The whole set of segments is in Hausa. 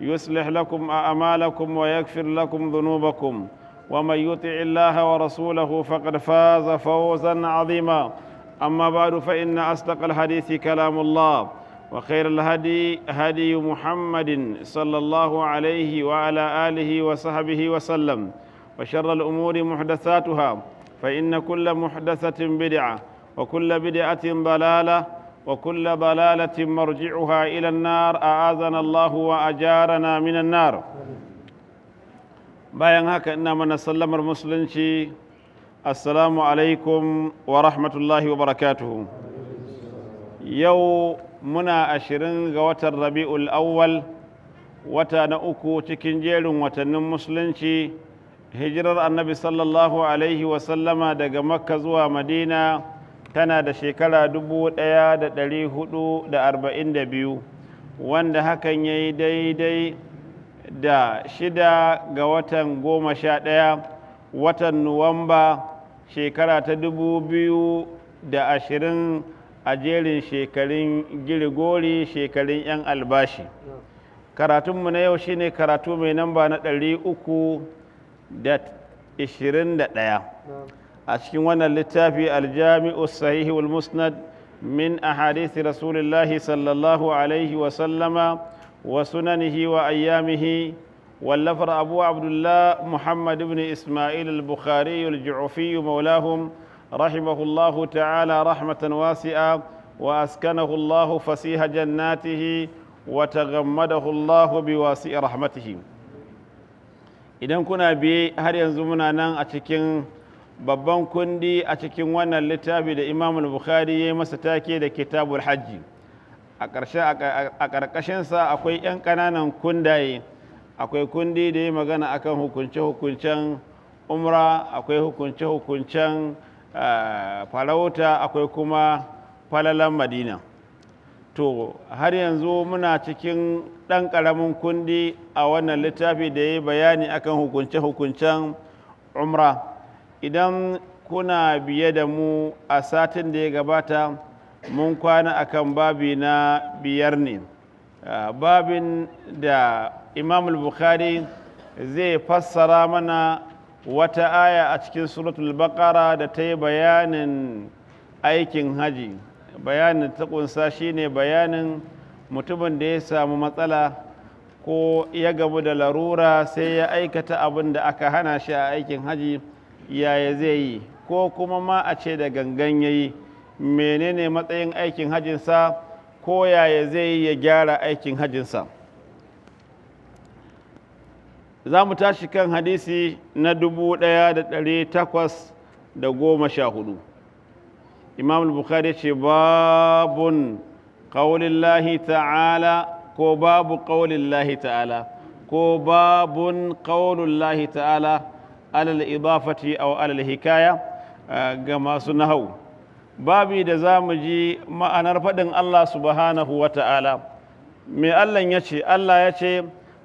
يصلح لكم أعمالكم ويغفر لكم ذنوبكم ومن يطع الله ورسوله فقد فاز فوزا عظيما أما بعد فإن أصدق الحديث كلام الله وخير الهدي هدي محمد صلى الله عليه وعلى آله وصحبه وسلم وشر الأمور محدثاتها فإن كل محدثة بدعة وكل بدعة ضلالة وكل ضلالة مرجعها إلى النار أعاذنا الله وأجارنا من النار بيان هكا إنما نسلم المسلم السلام عليكم ورحمة الله وبركاته يو منا أشرين غوات الربيع الأول وتانا أكو تكين جيل وتنم مسلم هجرة النبي صلى الله عليه وسلم دقا مكة زوا مدينة tana da shekara 1442 wanda hakan ya yi daidai da shida ga watan goma sha ɗaya watan nuwamba shekara ta 2020 a jerin shekarun girigori shekarun 'yan albashi karatunmu na yau shine karatu mai namba na 321 a cikin wannan littafi aljami'u sahihi wal musnad min ahadithi rasulillahi sallallahu alaihi wa sallama wa sunanihi wa ayyamihi wallafar abu abdullah muhammad ibn isma'il al-bukhari al-ju'fi maulahum rahimahullahu ta'ala rahmatan wasi'a wa askanahu allah fasiha jannatihi wa taghammadahu allah biwasi'i rahmatihi idan kuna biye har yanzu muna nan a cikin babban kundi a cikin wannan littafi da imam bukhari ya yi masa take da kitabul hajji a ƙarƙashinsa akwai 'yan ƙananan kundaye akwai kundi da ya magana akan hukunce-hukuncen umra akwai hukunce-hukuncen eh, farauta akwai kuma falalan madina to har yanzu muna cikin ɗan ƙaramin kundi a wannan littafi da ya yi bayani akan hukunce-hukuncen umra idan kuna biye da mu a satin da ya gabata mun kwana akan babi na biyar ne babin da imam al-bukhari zai fassara mana wata aya a cikin suratul baqara da ta yi bayanin aikin haji bayanin ta kunsa shine bayanin mutumin da ya samu matsala ko ya gabu da larura sai ya aikata abin da aka hana shi a aikin haji yaya zai yi ko kuma ma a ce da gangan ya yi menene matsayin aikin hajjinsa ko yaya zai yi ya gyara aikin hajjinsa za mu tashi kan hadisi na dubu ɗaya da ɗari takwas da goma sha hudu imam bukhari ce babun ƙaulillahi ta'ala ko babu ƙaulillahi ta'ala ko babun ƙaulillahi ta'ala alal idafati aw alal hikaya ga masu nahau babi da za mu ji ma'anar faɗin Allah subhanahu wa ta'ala mai Allah ya ce Allah ya ce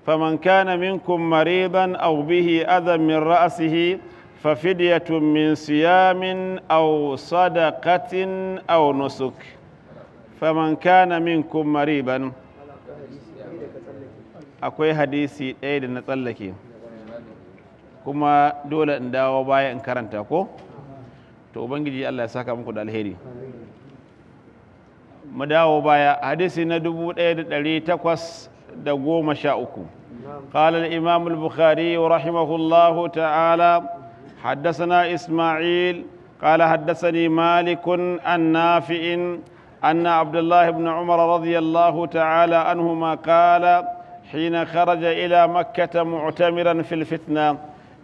faman kana minkum mariban aw bihi adam min ra'sihi fa fidyatun min siyamin aw sadaqatin aw nusuk faman kana minkum mariban akwai hadisi ɗaya da na tsallake kuma dole in dawo baya in karanta ko to ubangiji Allah ya saka muku da alheri mu dawo baya hadisi na 1813 قال الإمام البخاري رحمه الله تعالى حدثنا إسماعيل قال حدثني مالك عن نافع أن عبد الله بن عمر رضي الله تعالى عنهما قال حين خرج إلى مكة معتمرا في الفتنة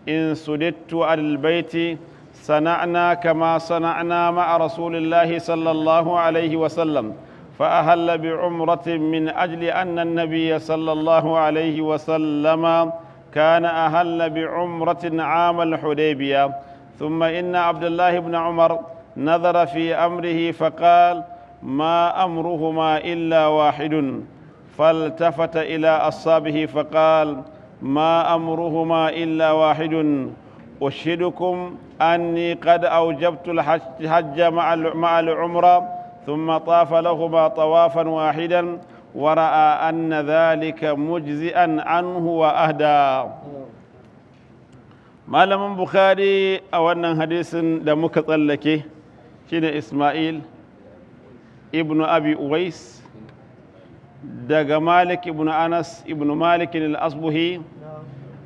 إن سددت على البيت صنعنا كما صنعنا مع رسول الله صلى الله عليه وسلم فأهل بعمرة من أجل أن النبي صلى الله عليه وسلم كان أهل بعمرة عام الحديبية ثم إن عبد الله بن عمر نظر في أمره فقال ما أمرهما إلا واحد فالتفت إلى أصحابه فقال ما أمرهما إلا واحد أشهدكم أني قد أوجبت الحج مع العمرة ثم طاف لهما طوافا واحدا ورأى أن ذلك مجزئا عنه وأهدى malamin bukhari a wannan hadisin da muka tsallake shine ismail ibnu abi uwais دغ مالك ابن انس ابن مالك الاصبهي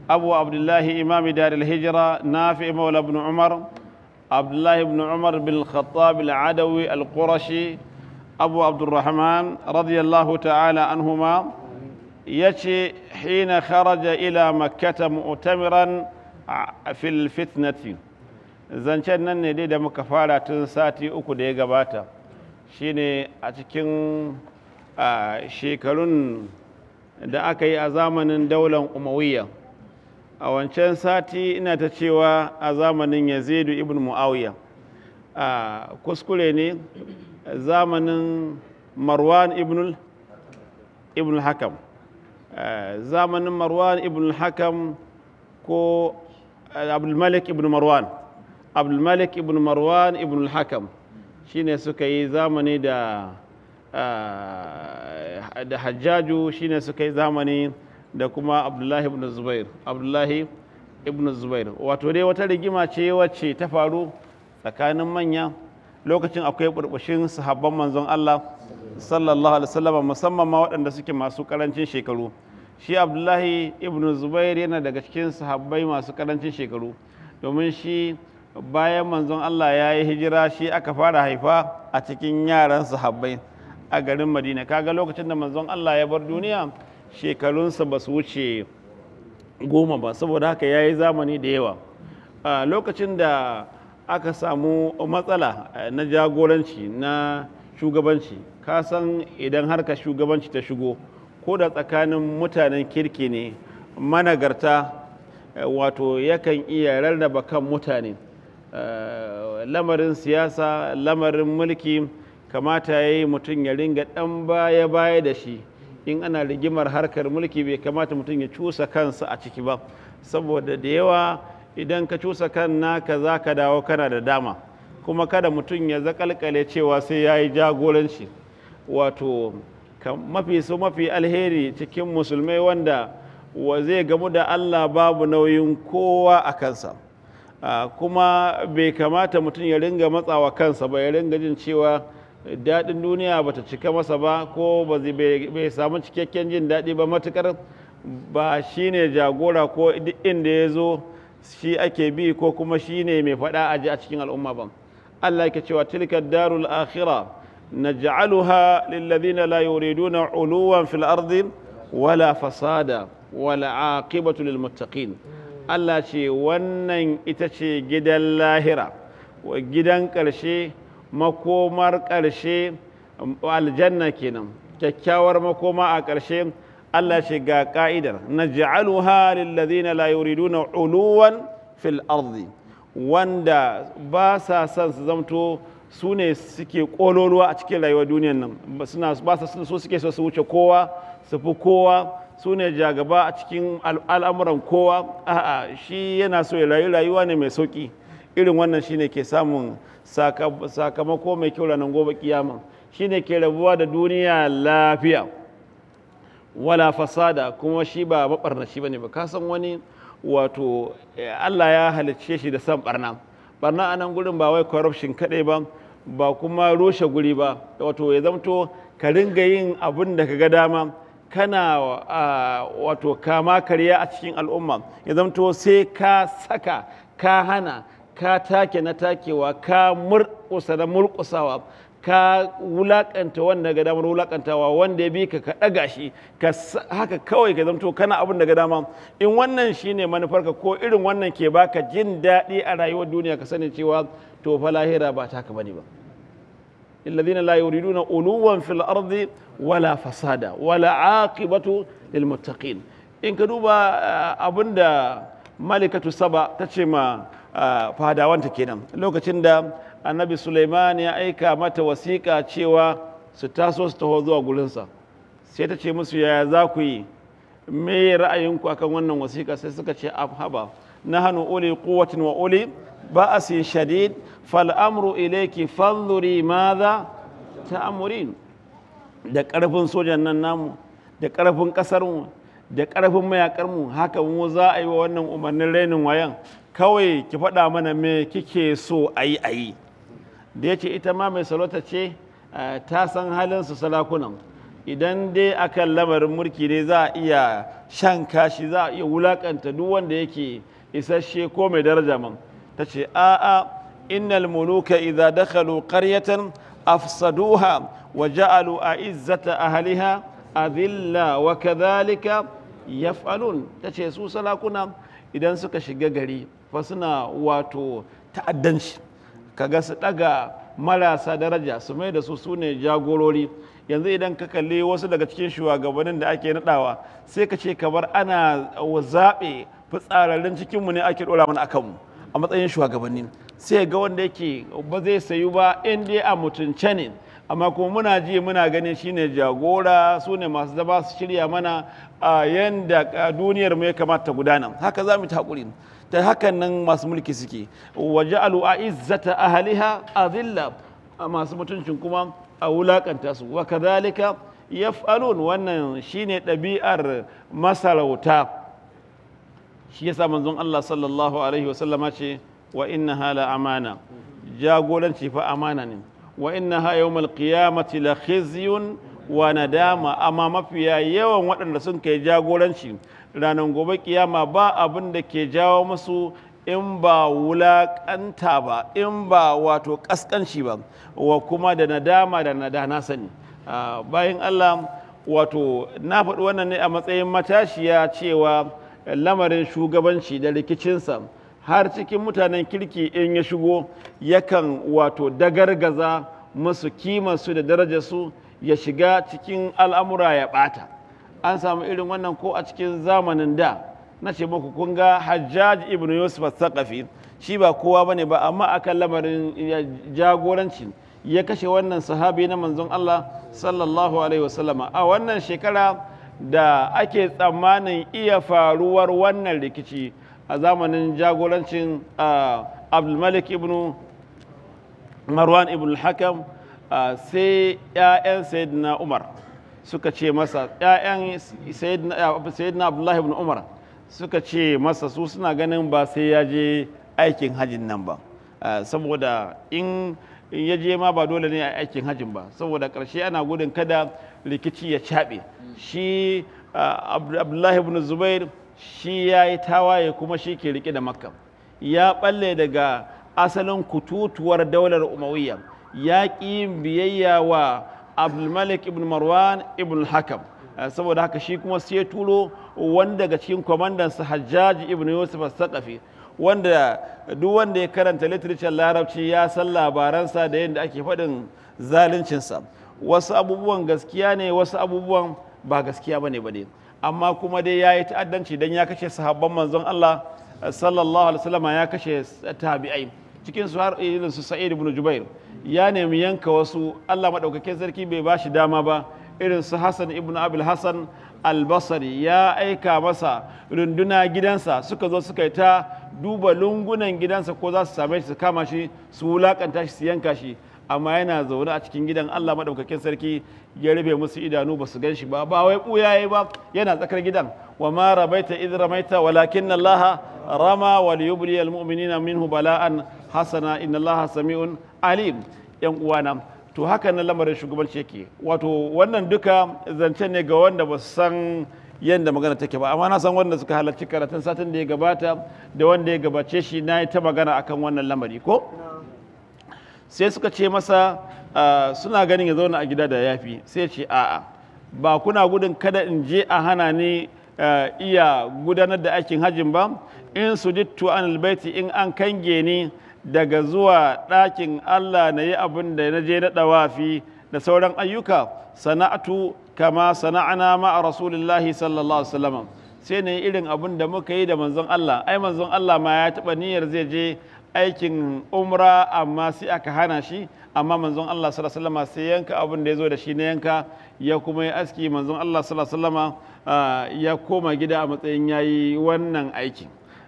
ابو عبد الله امام دار الهجره نافع مولى ابن عمر عبد الله بن عمر بن الخطاب العدوي القرشي ابو عبد الرحمن رضي الله تعالى عنهما يشي حين خرج الى مكه مؤتمرا في الفتنه زنشن نني دي دمك اوكو دي غباتا شيني ا a shekarun da aka yi a zamanin daular umawiyya a wancan sati ina ta cewa a zamanin yazidu ibn mu'awiyya a kuskure ne zamanin marwan ibn hakam zamanin marwan ibn hakam ko abdulmalik ibn marwan abdulmalik ibn marwan ibn hakam shine suka yi zamani da Ah, da hajjaju shine suka yi zamani da kuma abdullahi ibn zubair abdullahi ibn zubair wato dai wata rigima ce wacce ta faru tsakanin manya lokacin akwai burbushin sahabban manzon Allah sallallahu alaihi wasallam musamman ma waɗanda suke masu karancin shekaru shi abdullahi ibn zubair yana daga cikin sahabbai masu karancin shekaru domin shi bayan manzon Allah ya yi hijira shi aka fara haifa a cikin yaran sahabbai a garin madina kaga lokacin da manzon allah ya bar duniya shekarunsa ba su wuce goma ba saboda haka ya yi zamani da yawa lokacin da aka samu matsala eh, na jagoranci na shugabanci kasan san idan harka shugabanci ta shigo ko da tsakanin mutanen kirki ne managarta eh, wato yakan iya rarraba kan mutane eh, lamarin siyasa lamarin mulki kamata ya yi mutum ya ringa ɗan baya-baya da shi in ana rigimar harkar mulki bai kamata mutum ya cusa kansa a ciki ba saboda da yawa idan ka cusa kan naka za ka dawo kana da dama kuma kada mutum ya zakalkale cewa sai ya yi jagoranci wato mafi so mafi alheri cikin musulmai wanda wa zai gamu da allah babu nauyin kowa a kansa kuma bai kamata mutum ya ringa matsawa kansa ba ya ringa jin cewa daɗin duniya ba ta cika masa ba ko ba bai samu cikakken jin daɗi ba matukar ba shi ne jagora ko inda ya zo shi ake bi ko kuma shi ne mai faɗa a ji a cikin al'umma ba Allah ke cewa tilka darul akhira naj'aluha lilladhina la yuriduna uluwan fil ardi wala fasada wala aqibatu lil muttaqin Allah ce wannan ita ce gidan lahira gidan ƙarshe makomar ƙarshe aljanna kenan kyakkyawar makoma a ƙarshe Allah shi ga na naj'aluha lillazina la yuriduna uluwan fil arzi wanda ba sa son su zamto su ne suke ƙololuwa a cikin rayuwar duniyar nan suna ba sa so suke so su wuce kowa su fi kowa su ne jagaba a cikin al'amuran kowa a'a shi yana so ya rayu rayuwa ne mai sauki irin wannan shine ke samun sakamako mai kyau ranar gobe kiyama shine ke rabuwa da duniya lafiya wala fasada kuma shi ba shi bane ba ka san wani wato eh, Allah ya halicce shi da san barna barna a nan gurin ba wai corruption kaɗai ba ba kuma rushe guri ba wato ya zamto ka ringa yin abin da ka ga dama kana wato kama karya a cikin al'umma ya zamto sai ka saka ka hana ka take na takewa ka murƙusa na murƙusawa ka wulaƙanta wanda ga damar wulaƙantawa wanda ya bi ka ka ɗaga shi haka kawai ka zamto kana abin ga dama in wannan shine manufarka ko irin wannan ke baka jin daɗi a rayuwar duniya ka sani cewa to fa lahira ba taka bane ba الذين لا يريدون علوا في الأرض ولا فسادا ولا عاقبة للمتقين إن كدوبا أبندا ملكة سبا ma. fadawanta kenan lokacin da annabi suleiman ya aika mata wasiƙa cewa su taso su taho zuwa gurinsa sai ta ce musu yaya za ku yi me ra'ayinku akan wannan wasiƙa sai suka ce haba na hannu uli kowacin wa uli Ba a sin shadid fal'amru ilaiki fanzuri maza amurin. da ƙarfin sojan nan namu da ƙarfin ƙasarmu da ƙarfin mayakarmu haka mu za a yi wa wannan umarnin rainin wayan kawai ki faɗa mana me kike so a yi a yi da ya ce ita ma mai salota ce eh, ta san halin su salakunan idan dai akan lamarin mulki ne za a iya shan kashi za a iya wulakanta duk wanda yake isasshe ko mai daraja man ta ce a'a innal muluka idza dakhalu qaryatan afsaduha wa ja'alu a'izzata ahliha adilla wa kadhalika yaf'alun ta ce su salakuna idan suka shiga gari fa suna wato ta'addanci kaga su daga marasa daraja su mai da su su ne jagorori yanzu idan ka kalli wasu daga cikin shugabannin da ake nadawa sai ka ce kamar ana zaɓe fitsararren cikinmu ne ake ɗora mana akanmu a matsayin shugabanni sai ga wanda yake ba zai sayu ba in dai a mutunce ne amma kuma muna ji muna ganin shine jagora su ne masu zaba su shirya mana a yadda duniyarmu ya kamata gudana haka za mu ta hakuri ta hakan nan masu mulki suke waje a'izzata ahliha azilla masu mutuncin kuma a wulakanta su wa ya yaf'alun wannan shine ɗabi'ar masarauta shi yasa manzon Allah sallallahu alaihi wa sallama ce wa innaha hala amana jagoranci fa amana ne wa innaha yawmal qiyamati la khizyun wa nadama amma mafiya yawan waɗanda sun kai jagoranci ranar gobe kiyama ba abin da ke jawo musu in ba wulaƙanta ba in ba wato ƙasƙanci ba wa kuma da nadama da nadana sani ah, bayan allah wato na faɗi wannan ne a matsayin matashiya cewa lamarin shugabanci da rikicinsa har cikin mutanen kirki in ya shigo yakan wato dagargaza musu kimansu da darajarsu ya shiga cikin al'amura ya ɓata an samu irin wannan ko a cikin zamanin da na ce muku kun ga hajjaj ibn yusuf al saqafi shi ba kowa bane ba amma akan lamarin jagoranci ya kashe wannan sahabi na manzon Allah sallallahu alaihi wasallama a wannan shekara da ake tsammanin iya faruwar wannan rikici a zamanin jagorancin abdulmalik ibn marwan ibn hakam sai 'ya'yan sayyidina umar suka ce masa ‘ya'yan na abdullahi ibn umar suka ce masa su suna ganin ba sai ya je aikin hajjin nan ba ah, saboda in ya je ma ba dole ne a aikin hajjin ba saboda ƙarshe ana gudun kada rikici ya caɓe shi ah, abdullahi ibn zubair shi ya yi tawaye kuma shi ke rike da makka ya ɓalle daga asalin kututuwar daular umawiyya ya ƙi biyayya wa abdulmalik ibn marwan ibn hakam eh, saboda haka shi kuma sai turo wanda daga cikin kwamandansa hajjaji ibn yusuf al-saqafi wanda duk wanda ya karanta literature larabci ya san labaransa da yadda ake faɗin zaluncinsa wasu abubuwan gaskiya ne wasu abubuwan ba gaskiya ba ne ba ne amma kuma dai ya yi ta'addanci don ya kashe sahabban manzon Allah eh, sallallahu alaihi wasallam ya kashe tabi'ai cikin su har irin su sa'id ibn jubair ya nemi yanka wasu Allah maɗaukakin sarki bai ba shi dama ba irin su Hassan ibn Abul Hassan albasari ya aika masa runduna gidansa suka zo suka yi ta duba lungunan gidansa ko za su same shi su kama shi su wulakanta shi su yanka shi amma yana zaune a cikin gidan Allah maɗaukakin sarki ya rufe musu idanu ba su gan shi ba ba wai ɓuya ba yana tsakar gidan وما ربيت إذ رميت ولكن الله رمى وليبلي المؤمنين منه بلاء حسنا إن الله سميع عليم ينقوانا to haka nan lamarin shugabanci yake wato wannan duka zance ne ga wanda ba san yadda magana take ba amma na san wanda suka halarci karatun satin da ya gabata da wanda ya gabace shi na yi ta magana akan wannan lamari ko sai suka ce masa ah, suna ganin ya zauna a gida da yafi sai ce a'a ba kuna gudun kada in je a hana ni Eh, iya gudanar da aikin hajjin ba in su sujittu an albaiti in an kange ni daga zuwa ɗakin Allah na yi abin da na je na ɗawafi da sauran ayyuka sana'atu kama sana'ana ma a rasulullahi sallallahu alaihi sai na yi irin abin da muka yi da manzon Allah ai manzon Allah ma ya taɓa niyyar zai je aikin umra amma sai aka hana shi amma manzon Allah sallallahu alaihi wasallam sai yanka abin da ya zo da shi na yanka ya kuma yi aski manzon Allah sallallahu alaihi wasallam ah, ya koma gida a matsayin yayi wannan aiki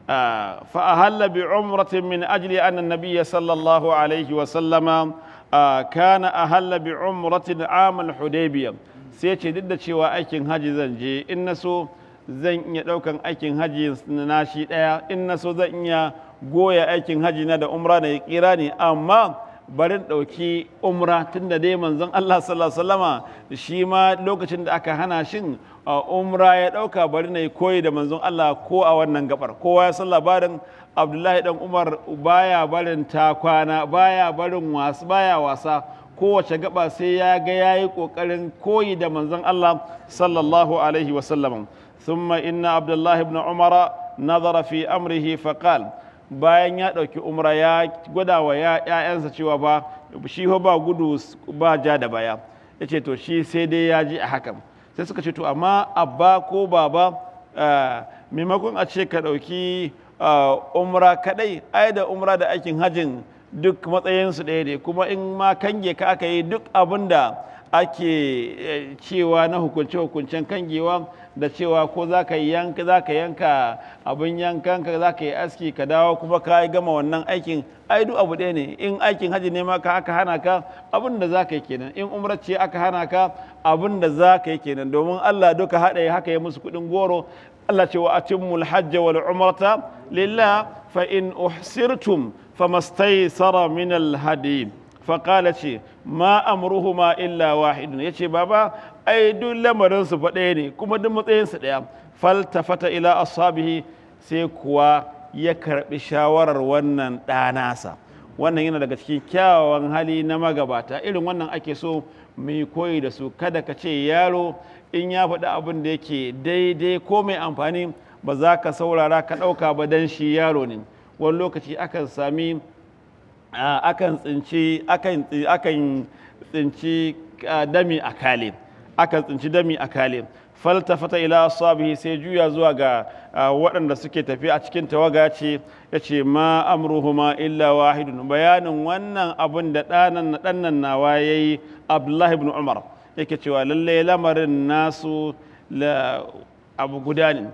ah, fa ahalla bi umratin min ajli anna an-nabiy sallallahu alaihi wasallam ah, kana ahalla bi umratin amal hudaybiyah sai ce duk da cewa aikin haji zan je in so zan iya daukan aikin haji na shi daya in so zan iya goya aikin haji na da umra ne kira ne amma barin ɗauki umra tun da dai manzon Allah sallallahu shi ma lokacin da aka hana shin umra ya ɗauka bari na koyi da manzon Allah ko a wannan gabar kowa ya san labarin abdullahi dan umar baya barin takwana baya barin wasu baya wasa kowace gaba sai ya ga ya yi ƙoƙarin koyi da manzon Allah sallallahu alaihi wasallam thumma inna abdullahi ibn بن nazara fi amrihi bayan ya ɗauki umra ya gwada wa ‘ya'yansa cewa ba shi ba gudu ba ja da baya ya ce to shi sai dai ya ji a hakan sai suka ce to amma abba ko baba eh, maimakon a ce ka ɗauki eh, umra kaɗai ai da umra da aikin hajjin duk matsayinsu ɗaya ne kuma in ma kange ka aka yi duk abin da ake eh, cewa na hukunce-hukuncen kangewa da cewa ko za ka yanka yanka abin yankan ka za ka yi aski ka dawo kuma ka yi gama wannan aikin ai duk abu ɗaya ne in aikin hajji ne ma ka aka hana ka abin da za ka yi kenan in umrar ce aka hana ka abin da za ka yi kenan domin Allah duka haɗa haka ya musu kuɗin goro Allah ce wa atimmul hajja wal umarta lillah fa in uhsirtum famastaysara min al hadi fa qala ce ma amruhuma illa wahidun yace baba ai duk lamarin su ɗaya ne kuma duk matsayin su ɗaya fal faltafata ila ashabihi sai kuwa ya karbi shawarar wannan ɗanasa wannan yana daga cikin kyawawan hali na magabata irin wannan ake so mu koyi da su kada ka ce yaro in ya faɗi abin da yake daidai ko mai amfani ba za ka saurara ka ɗauka ba dan shi yaro ne wani lokaci akan sami akan tsinci akan tsinci dami a kalin aka tsinci dami a kale faltafata ila sabihi sai juya zuwa ga waɗanda suke tafi a cikin tawaga ce ya ce ma amruhuma illa wahidun bayanin wannan abun da ɗannan na nawa ya yi abdullahi ibn umar yake cewa lallai lamarin nasu la abu guda ne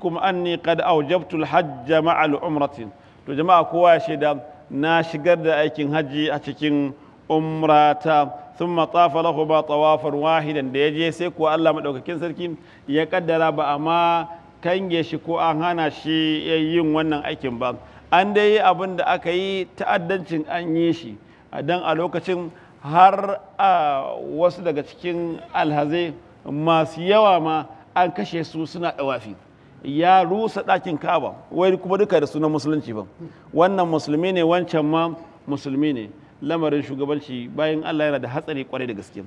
kuma anni qad awjabtu al ma'a al-umrati to jama'a kowa ya shaida na shigar da aikin hajji a cikin umrata ثم طاف له ba tawafan wahidan da ya je sai kuwa Allah madaukakin sarki ya kaddara ba amma kange shi ko an hana shi yin wannan aikin ba an dai yi abin da aka yi ta'addancin an yi shi Dan a lokacin har a wasu daga cikin alhazai masu yawa ma an kashe su suna dawafi ya rusa ɗakin kaba wai kuma duka da sunan musulunci ba wannan musulmi ne wancan ma musulmi ne lamarin shugabanci bayan Allah yana da hatsari kwarai da gaske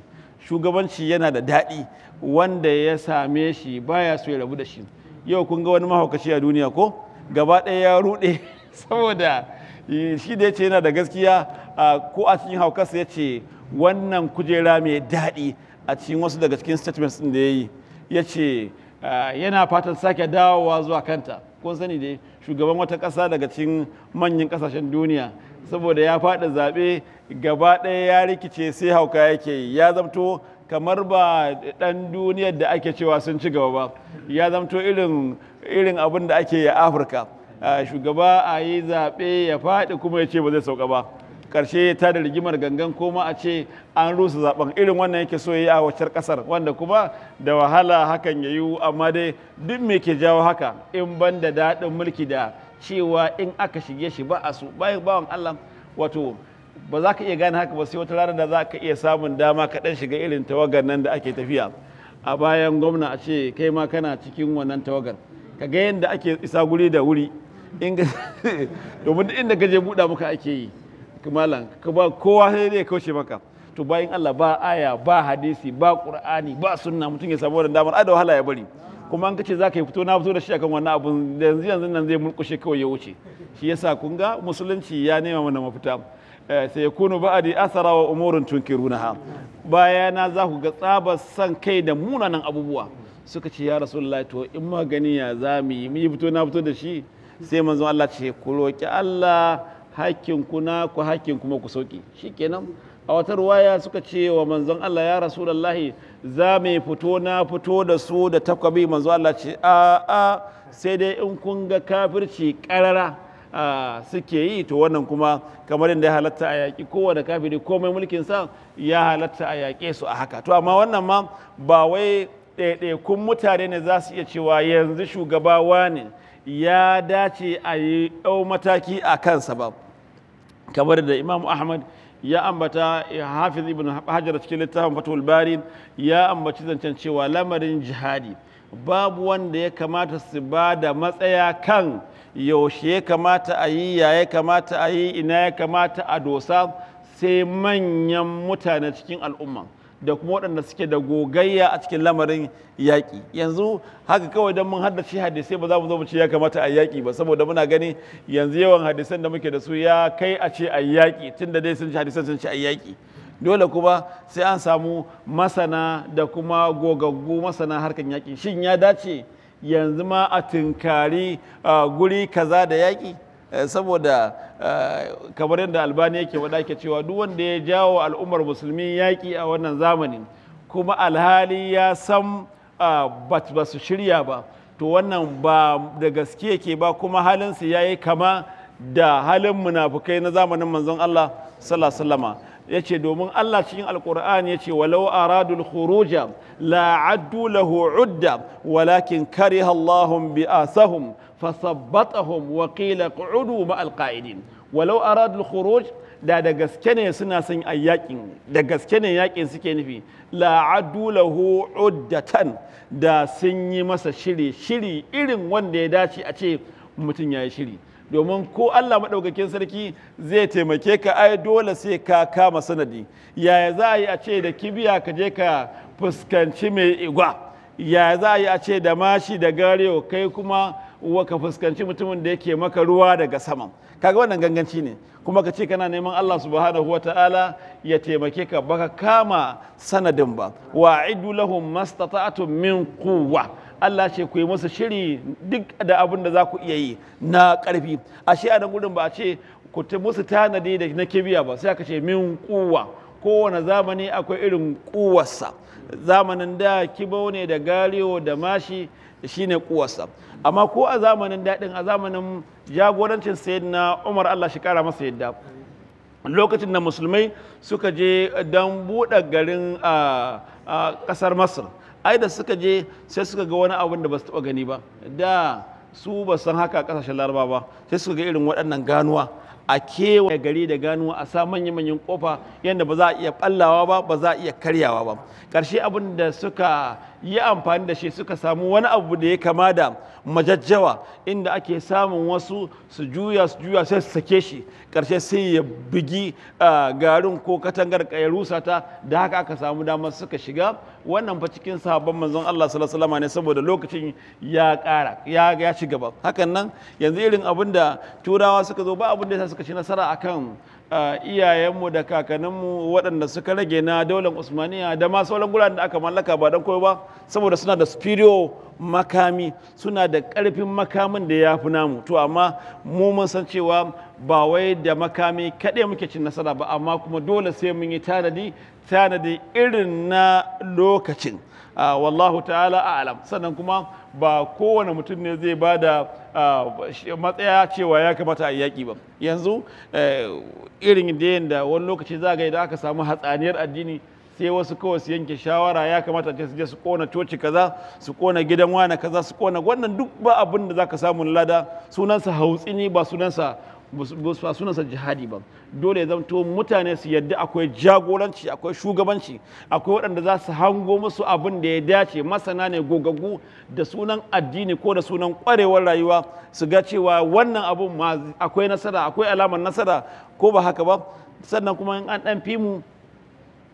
shugabanci yana da daɗi wanda ya same shi baya so ya rabu da shi yau kun ga wani mahaukaci a duniya ko gaba ɗaya ya ruɗe saboda eh, shi da ya yana da gaskiya ko a cikin haukarsa ya ce wannan kujera mai daɗi a cikin wasu daga cikin statements ɗin da ya yi ya ce yana fatan sake dawowa zuwa kanta kun sani dai shugaban wata kasa daga cikin manyan kasashen duniya saboda ya faɗi zaɓe gaba ɗaya ya rikice sai hauka yake ya zamto kamar ba ɗan duniyar da ake cewa sun ci gaba ba ya zamto irin abin da ake yi a afirka shugaba a yi zaɓe ya faɗi kuma ya ce ba zai sauka ba ƙarshe ta da rigimar gangan koma a ce an rusa zaben irin wannan yake so yi a wacar ƙasar wanda kuma da wahala hakan ya yiwu amma dai duk me ke jawo haka in ban da daɗin mulki da cewa in aka shige shi ba a su bayan bawan Allah wato ba za ka iya gane haka ba sai wata rana da za ka iya samun dama ka dan shiga irin tawagar nan da ake tafiya a bayan gwamna a ce kai ma kana cikin wannan tawagar ka ga yadda ake isa guri da wuri domin inda gaje buɗa muka ake yi kamalan ka ba kowa sai zai kaushe maka to bayan Allah ba aya ba hadisi ba qur'ani ba sunna mutum ya samu wannan damar da wahala ya bari kuma an kace za ka yi fito na fito da shi akan wannan abun yanzu yanzu nan zai mulkushe kawai ya wuce shi yasa kun ga musulunci ya nema mana mafita eh, sai ya kunu ba'adi asara wa umurin tunkirunaha bayana za ku ga tsaba san kai da munanan abubuwa suka ce ya rasulullah to in ma gani ya za mu yi mu fito na fito da shi sai manzon Allah ce ku roki Allah hakkin ku na ku hakkin kuma ku sauki shikenan a wata ruwaya suka ce wa manzon Allah ya rasulullahi za mu fito na fito da su da takwabi manzon Allah ce a a sai dai in kun ga kafirci karara suke yi to wannan kuma kamar yadda ya halatta a yaƙi kowane kafiri komai mulkin sa ya halatta a yaƙe su a haka to amma wannan ma ba wai ɗaiɗaikun mutane ne za su iya cewa yanzu shugaba ne ya dace a yi mataki a kansa ba kamar da imamu ahmad ya ambata hafiz ibn hajar cikin littafin fatul bari ya ambaci zancen cewa lamarin jihadi babu wanda ya kamata su ba da matsaya kan yaushe ya kamata a yi ya ya kamata a yi ina ya kamata a dosa sai manyan mutane cikin al'umma da kuma waɗanda suke da gogayya a cikin lamarin yaƙi yanzu haka kawai don mun haddace hadisai ba za mu zo mu ce ya kamata a yaƙi ba saboda muna gani yanzu yawan hadisan da muke da su ya kai a ce a yaƙi tun da dai sun ci hadisan sun ci a yaƙi dole kuma sai an samu masana da kuma gogaggu masana harkan yaƙi shin ya dace yanzu ma a tunkari guri kaza da yaƙi Eh, saboda eh, kamar yadda albani yake wada ke cewa duk wanda ya jawo al'ummar musulmi yaƙi a wannan zamanin kuma alhali ya san ah, ba su shirya ba to wannan ba da gaske ke ba kuma halinsu ya yi kama da halin munafukai na zamanin manzon Allah sallama ya ce domin Allah cikin alkur'ani ya ce walau aradul khuruja la addu lahu udda walakin kariha Allahum bi asahum fasabbatahum wa qila qu'udu ma'al qa'idin walau aradul khuruj da da gaske ne suna son ayyakin da gaske ne yakin suke nufi la addu lahu uddatan da sun yi masa shiri shiri irin wanda ya dace a ce mutum ya shiri domin ko Allah maɗaukakin sarki zai taimake ka ai dole sai ka kama sanadi yaya za a yi a ce da kibiya ka je ka fuskanci mai igwa yaya za a yi a ce da mashi da garewa kai kuma wa ka fuskanci mutumin da yake maka ruwa daga saman kaga wannan ganganci ne kuma ka ce kana neman Allah subhanahu wa ta'ala ya taimake ka baka kama sanadin ba wa idu lahum mastata'tum min quwwa Allah ce ku yi musu shiri duk da abin da za ku iya yi na ƙarfi ashe a nan gudun ba a ce ku ta musu tanadi da na kibiya ba sai aka ce min quwwa kowane zamani akwai irin kuwarsa zamanin da kibo ne da galiyo da mashi ne kuwarsa amma ko a zamanin daɗin a zamanin jagorancin na Umar Allah shi kara masa yadda lokacin da musulmai suka je don buɗe garin a ƙasar Masar ai da suka je sai suka ga wani abin da ba su taɓa gani ba da su ba san haka ƙasashen laraba ba sai suka ga irin waɗannan ganuwa a kewaye gari da ganuwa a sa manya-manyan kofa yadda ba za a iya ɓallawa ba ba za a iya karyawa ba ƙarshe abin da suka Yi amfani da shi suka samu wani abu da ya kama da majajjawa inda ake samun wasu su juya su juya sai su sake shi ƙarshe sai ya bugi garin ko katangar ya rusa ta da haka aka samu damar suka shiga wannan fa cikin sahabban manzon Allah sallallahu ne saboda lokacin ya ƙara ya ya ci gaba hakan nan yanzu irin abin da turawa suka zo ba abin da yasa suka ci nasara akan iyayenmu da kakanninmu waɗanda suka rage na daular usmaniya da ma sauran guran da aka mallaka ba don koyo ba saboda suna da superior makami suna da ƙarfin makamin da ya fi namu to amma mu mun san cewa ba wai da makami kaɗai muke cin nasara ba amma kuma dole sai mun yi tanadi tanadi irin na lokacin Ah, wallahu ta'ala a'lam sannan kuma ba kowane mutum ne zai ba da ah, matsaya cewa ya kamata a yi yaƙi ba yanzu eh, irin da yadda wani lokaci za ga idan aka samu hatsaniyar addini sai wasu kawai su yanke shawara ya kamata ce su je su kona coci kaza su kona gidan wani kaza su kona wannan duk ba abin da za ka samu lada sunansa hautsini ba sunansa ba nasa jihadi ba dole ya zamto mutane su yadda akwai jagoranci akwai shugabanci akwai waɗanda za su hango musu abin da ya dace masana ne gogaggu da sunan addini ko da sunan ƙwarewar rayuwa su ga cewa wannan abin akwai nasara akwai alamar nasara ko ba haka ba sannan kuma in an ɗan fi mu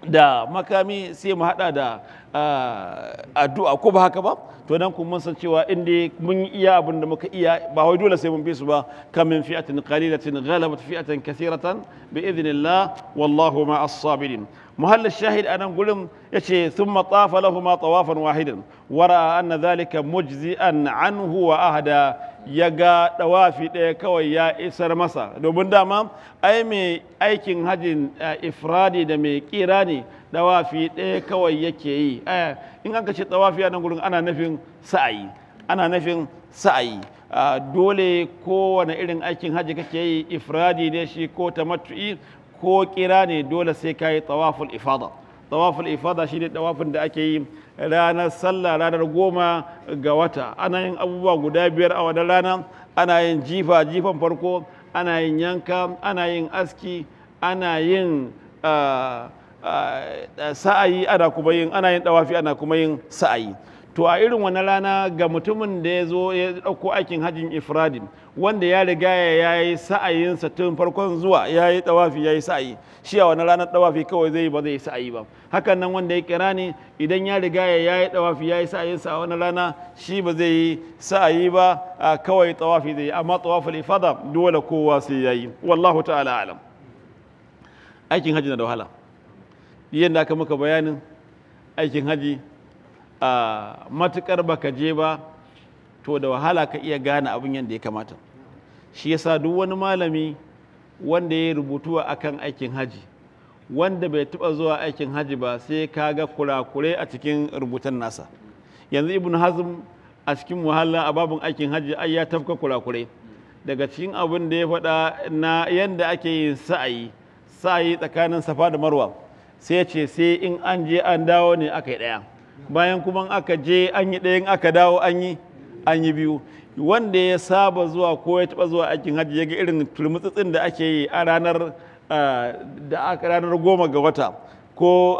da makami sai mu hada da ah, addu'a ko ba haka ba to nan kuma mun san cewa inda mun iya abin da muka iya ba wai dole sai mun bi su ba kamin fi'atin qalilatin ghalabat fi'atan kathiratan bi idhnillah wallahu ma as-sabirin muhall shahid anan gurin yace thumma tafa lahum tawafan wahidan wara anna dhalika mujzi'an anhu wa ahda ya ga ɗawafi ɗaya kawai ya isar masa domin dama ai mai aikin hajjin eh, ifradi da mai kira ne ɗawafi ɗaya kawai yake yi eh, in aka ce ɗawafi a nan gudun ana nufin sa'ayi ana nufin sa'ayi ah, dole kowane irin aikin hajji kake yi ifradi ne shi ko ta matu'i ko ƙira ne dole sai ka yi tawaful ifada tawaful ifada shi ne da ake yi ranar sallah ranar goma ga wata ana yin abubuwa guda biyar a wannan rana ana yin jifa jifan farko ana yin yanka ana yin aski ana yin ah, ah, sa'ayi ana kuma yin ana yin dawafi ana kuma yin sa'ayi to a irin wani rana ga mutumin da ya zo ya ɗauko aikin hajjin ifradin wanda ya riga ya yi sa'ayinsa tun farkon zuwa ya yi ɗawafi ya yi sa'ayi shi a wani ranar ɗawafi kawai zai ba zai sa'ayi ba hakan nan wanda ya kira ne idan ya riga ya yi ɗawafi ya yi sa'ayinsa a wani rana shi ba zai yi sa'ayi ba kawai tsawafi zai yi amma ɗawafin ifada dole kowa sai ya yi wallahu ta'ala alam aikin hajji na da wahala yadda aka muka bayanin aikin hajji A matukar baka je ba to da wahala ka iya gane abin yadda ya kamata shi yasa duk wani malami wanda ya rubutu akan aikin haji wanda bai taba zuwa aikin haji ba sai ka ga kurakurai a cikin rubutan nasa yanzu ibn hazm a cikin wahala a babin aikin haji ai ya tafka kurakurai daga cikin abin da ya faɗa na yanda ake yin sa'ayi sa'ayi tsakanin safa da marwa sai ce sai in an je an dawo ne aka yi ɗaya bayan kuma aka je an yi ɗayan aka dawo an yi an yi biyu wanda ya saba zuwa ko ya taɓa zuwa aikin hajji ya ga irin turmutsutsin da ake yi a ranar da ranar goma ga wata ko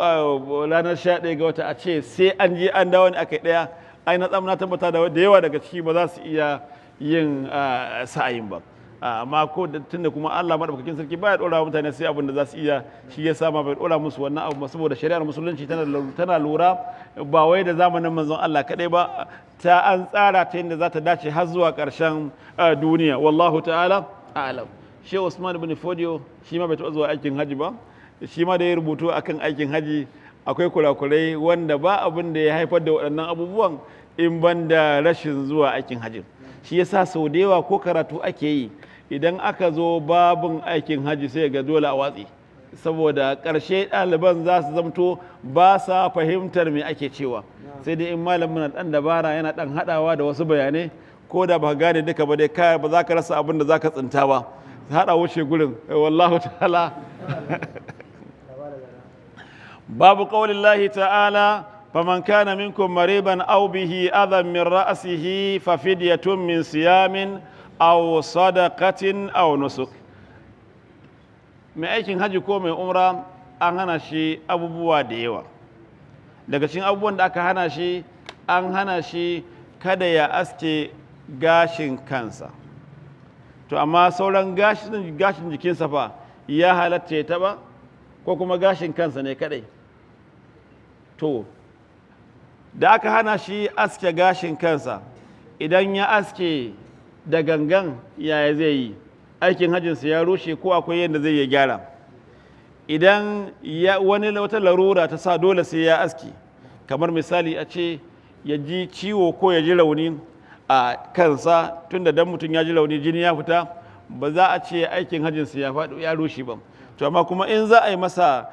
ranar sha ɗaya ga wata a ce sai an je an dawo ne aka yi ɗaya ai na tsamna tabbata da yawa daga ciki ba za su iya yin sa'ayin ba amma ko tunda kuma Allah madaukakin sarki baya dora wa mutane sai abin da za su iya shi ya sa ma bai dora musu wannan abu saboda shari'ar musulunci tana tana lura ba wai da zamanin manzon Allah kadai ba ta an tsara ta yadda za ta dace har zuwa karshen duniya wallahu ta'ala a'lam shi Usman ibn Fodio shi ma bai taɓa zuwa aikin haji ba shi ma da ya rubutu akan aikin haji akwai kurakurai wanda ba abin da ya haifar da waɗannan abubuwan in ban da rashin zuwa aikin hajji shi yasa sau da yawa ko karatu ake yi idan aka zo babin aikin hajji sai ga dole a watsi saboda ƙarshe ɗaliban za su zamto ba sa fahimtar me ake cewa sai dai in malamin na ɗan dabara yana ɗan haɗawa da wasu bayanai ko da ba gane duka ba dai kaya ba za ka rasa abin da za ka tsinta ba haɗa wuce gurin eh, wallahu ta'ala babu ƙaunin ta'ala faman kana minkum mariban au bihi adam min ra'asihi fa fidyatun min siyamin aw sadaqatin aw nusuk mai aikin haji ko mai umra an hana shi abubuwa da yawa daga cikin abubuwan da aka hana shi an hana shi kada ya aske gashin kansa to amma sauran gashin gashin jikinsa fa ya halatta ya taba ko kuma gashin kansa ne kadai to da aka hana shi aske gashin kansa idan ya aske da gangan yaya zai yi aikin hajjinsa ya rushe ko akwai yadda zai ya gyara idan wani wata larura ta sa dole sai ya aski kamar misali a ce ya ji ciwo ko ya ji rauni a kansa tunda dan mutum ya ji rauni jini ya fita ba za a ce aikin hajjinsa ya faɗo ya rushe ba to amma kuma in za a yi masa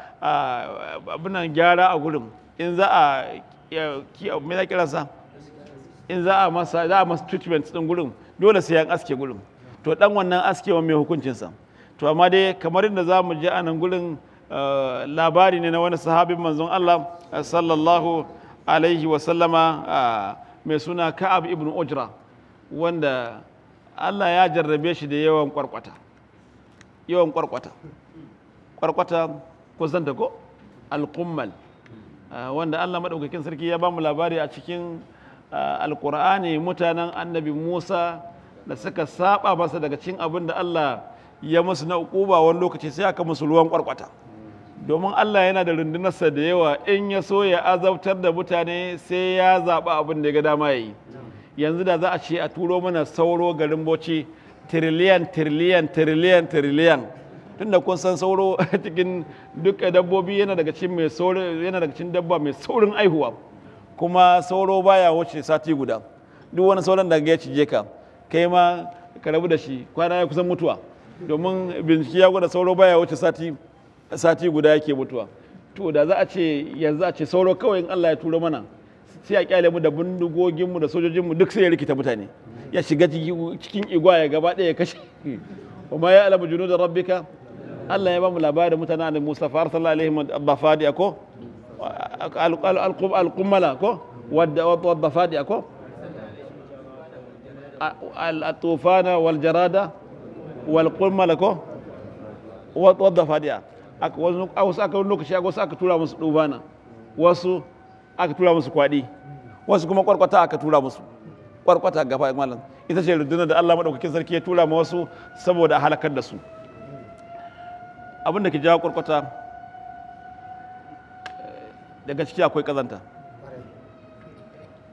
abinan gyara a gurin in za a kira sa in za a masa za a masa treatment din gurin dole sai ya aske gurin to dan wannan askewa mai hukuncin sa to amma dai kamar inda za mu ji a nan gurin eh, labari ne na wani sahabin manzon Allah eh, sallallahu alaihi wa sallama eh, mai suna Ka'ab ibn Ujra wanda Allah ya jarrabe shi da yawan kwarkwata yawan kwarkwata kwarkwata ko zanta ko alqummal wanda Allah madaukakin sarki ya ba mu labari a cikin alkur'ani mutanen annabi musa da suka saba masa daga cin abin da allah ya musu na ukuba wani lokaci sai aka musu ruwan kwarkwata domin allah yana da rundunarsa da yawa in ya so ya azabtar da mutane sai ya zaɓa abin da ya ga dama ya yi yanzu da za a ce a turo mana sauro garin bauchi tiriliyan tiriliyan tiriliyan tiriliyan tun da kun san sauro cikin duk dabbobi yana daga cin dabba mai saurin aihuwa kuma sauro baya wuce sati guda duk wani sauran da ya cije ka kai ma ka rabu da shi kwana ya kusan mutuwa domin bincike ya gwada sauro baya wuce sati sati guda yake mutuwa to da za a ce yanzu a ce sauro kawai in Allah ya tura mana sai a kyale mu da bindigogin mu da sojojin mu duk sai ya rikita mutane ya shiga cikin igwaya gaba ɗaya ya kashe kuma ya alamu da rabbika Allah ya ba mu labarin mutanen Musa Farsala alaihi wa sallam abba fadi ako alqummala ko wadda fadiya ko الطوفان والجرادة والقمل كو ko? هذه aka wani wasu aka wani shi wasu aka tura musu dubana wasu aka tura musu kwadi wasu kuma kwarkwata aka tura musu kwarkwata gaba malam ita ce rundunar da Allah madaukakin sarki ya tura ma wasu saboda halakar da su abin da ke jawo kwarkwata daga ciki akwai kazanta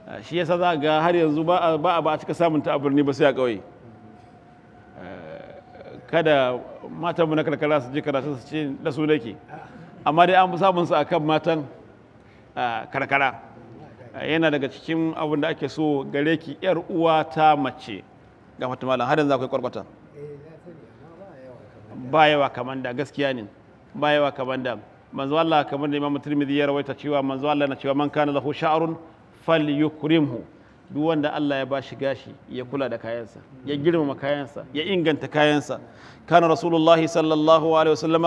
ah, shi ya sa za ga har yanzu ba a ba a cika samun ta a birni ba sai a ƙauye eh, kada matanmu na karkara su je karatu su ce da su nake amma dai an fi samun su akan matan ah, karkara eh, yana daga cikin abin da ake so gare ki yar uwa ta mace ga fatimala har yanzu akwai kwarkwata ba yawa kamanda gaskiya ne ba yawa kamanda منزوالا كمان الإمام الترمذي يروي تشيوا منزوالا نشيوا من كان له شعر فليكرمه دوان ده الله يباش قاشي يكولا ده كاينسا يجرم ما كاينسا يإنغن تكاينسا كان رسول الله صلى الله عليه وسلم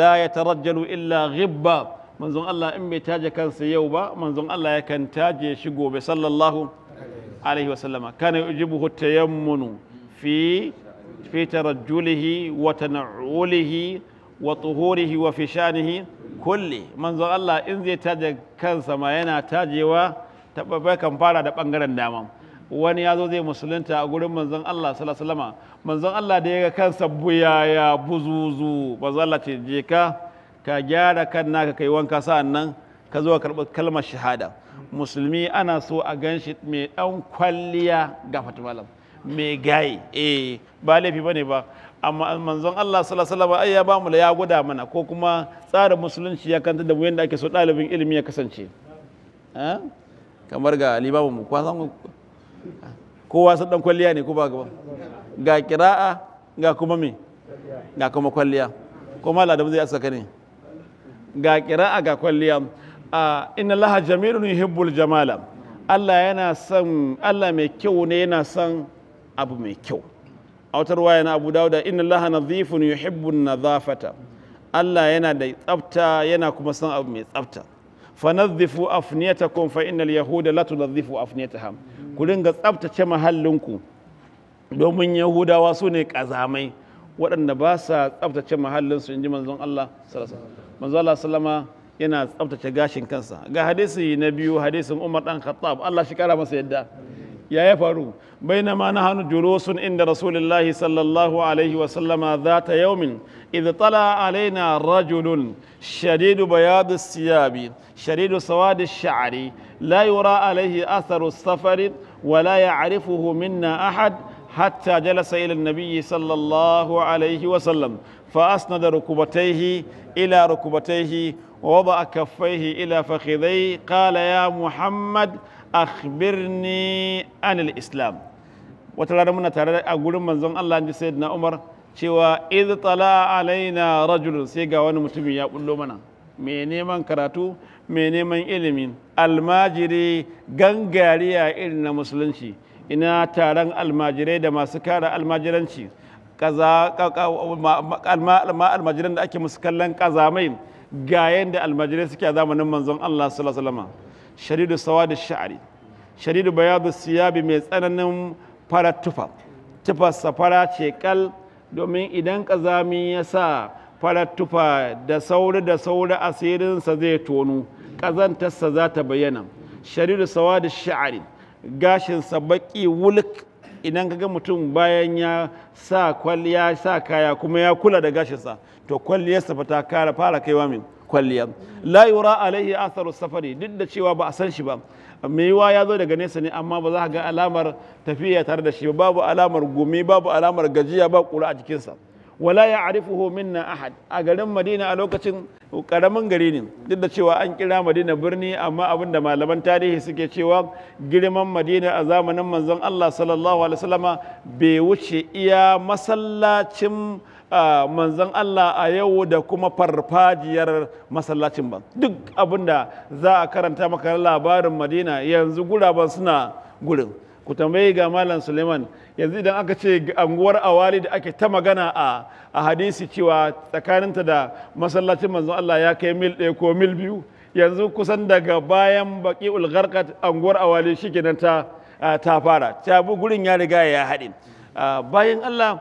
لا يترجل إلا غبا منزون الله إما تاج كان سيوبا منزون الله كان تاج يشقو صلى الله عليه وسلم كان يجبه التيمن في في ترجله وتنعوله وطهوره وفي شانه kulli manzo Allah in zai taje kansa ma yana tajewa tabbai kan fara da bangaren dama wani ya zo zai musulunta a gurin manzon Allah sallallahu alaihi wasallam manzon Allah da ya ga kansa buyaya buzuzu manzo Allah ce je ka ka gyara kan naka kai wanka sa'annan ka zo karɓi kalmar shahada musulmi ana so a gan shi mai dan kwalliya ga fatimalam mai gaye eh ba laifi bane ba amma manzon Allah sallallahu alaihi wasallam ai ya bamu ya guda mana ko kuma tsarin musulunci ya kanta da mu yanda ake so dalibin ilimi ya kasance eh? kamar ga limamin mu kwa san kowa san dan kwalliya ne ko ba ga ga kira'a ga kuma me ga kuma kwalliya ko mala da zai asaka ne ga kira'a ga kwalliya inna Allah jamilun yuhibbul jamala Allah yana son Allah mai kyau ne yana son abu mai kyau a wata na abu dawuda inna allaha nadhifun yuhibbu nadhafata allah yana da tsafta yana kuma san abu mai tsafta fa nadhifu afniyatakum fa innal yahuda la tunadhifu afniyatahum ku dinga tsaftace mahallinku domin yahudawa su ne kazamai waɗanda ba sa tsaftace mahallinsu in ji manzon Allah manzon Allah sallama yana tsaftace gashin kansa ga hadisi na biyu hadisin Umar dan Khattab Allah shi kara masa yadda يا ya بينما نحن جلوس عند رسول الله صلى الله عليه وسلم ذات يوم إذ طلع علينا رجل شديد بياض الثياب شديد سواد الشعر لا يرى عليه أثر السفر ولا يعرفه منا أحد حتى جلس إلى النبي صلى الله عليه وسلم فأسند ركبتيه إلى ركبتيه ووضع كفيه إلى فخذيه قال يا محمد akhbirni anil islam wata rana muna tare a gurin manzon Allah ji sayyidina Umar cewa idh tala alaina rajul. sai ga wani mutumin ya kullo mana me neman karatu mai neman ilimin almajiri gangariya irin na musulunci ina taron almajirai da masu kara almajiranci kaza almajiran da ake musu kallon kazamai ga yadda almajirai suke a zamanin manzon Allah sallallahu alaihi wasallam shadidu da sha'ari shadidu bayadu siyabi mai tsananin fara tufa tufarsa fara ce kal domin idan kazami ya sa fara tufa da sauri da sauri asirinsa zai tonu ƙazantarsa za ta bayyana shadidu da sha'ari gashinsa baki wulk idan ka ga mutum bayan ya sa kwalliya sa kaya kuma ya kula da gashinsa to kwalliyarsa fa ta fara kaiwa min kwalliya la yura alaihi atharu safari duk da cewa ba a san shi ba yiwa ya zo daga nesa ne amma ba za ka ga alamar tafiya tare da shi ba babu alamar gumi babu alamar gajiya ba kura a jikinsa wala ya arifuhu minna ahad a garin madina a lokacin karamin gari ne duk da cewa an kira madina birni amma abin da malaman tarihi suke cewa girman madina a zamanin manzon allah sallallahu alaihi wasallama bai wuce iya masallacin manzan Allah a yau da kuma farfajiyar masallacin ba duk abinda za a karanta maka labarin madina yanzu guraben suna gurin ku tambayi ga malam suleiman yanzu idan aka ce anguwar awali da ake ta magana a hadisi cewa tsakaninta da masallacin manzon Allah ya kai mil ɗaya ko mil biyu yanzu kusan daga bayan baki ulgarkat anguwar awali shi kenan ta ta fara ta gurin ya riga ya haɗin bayan Allah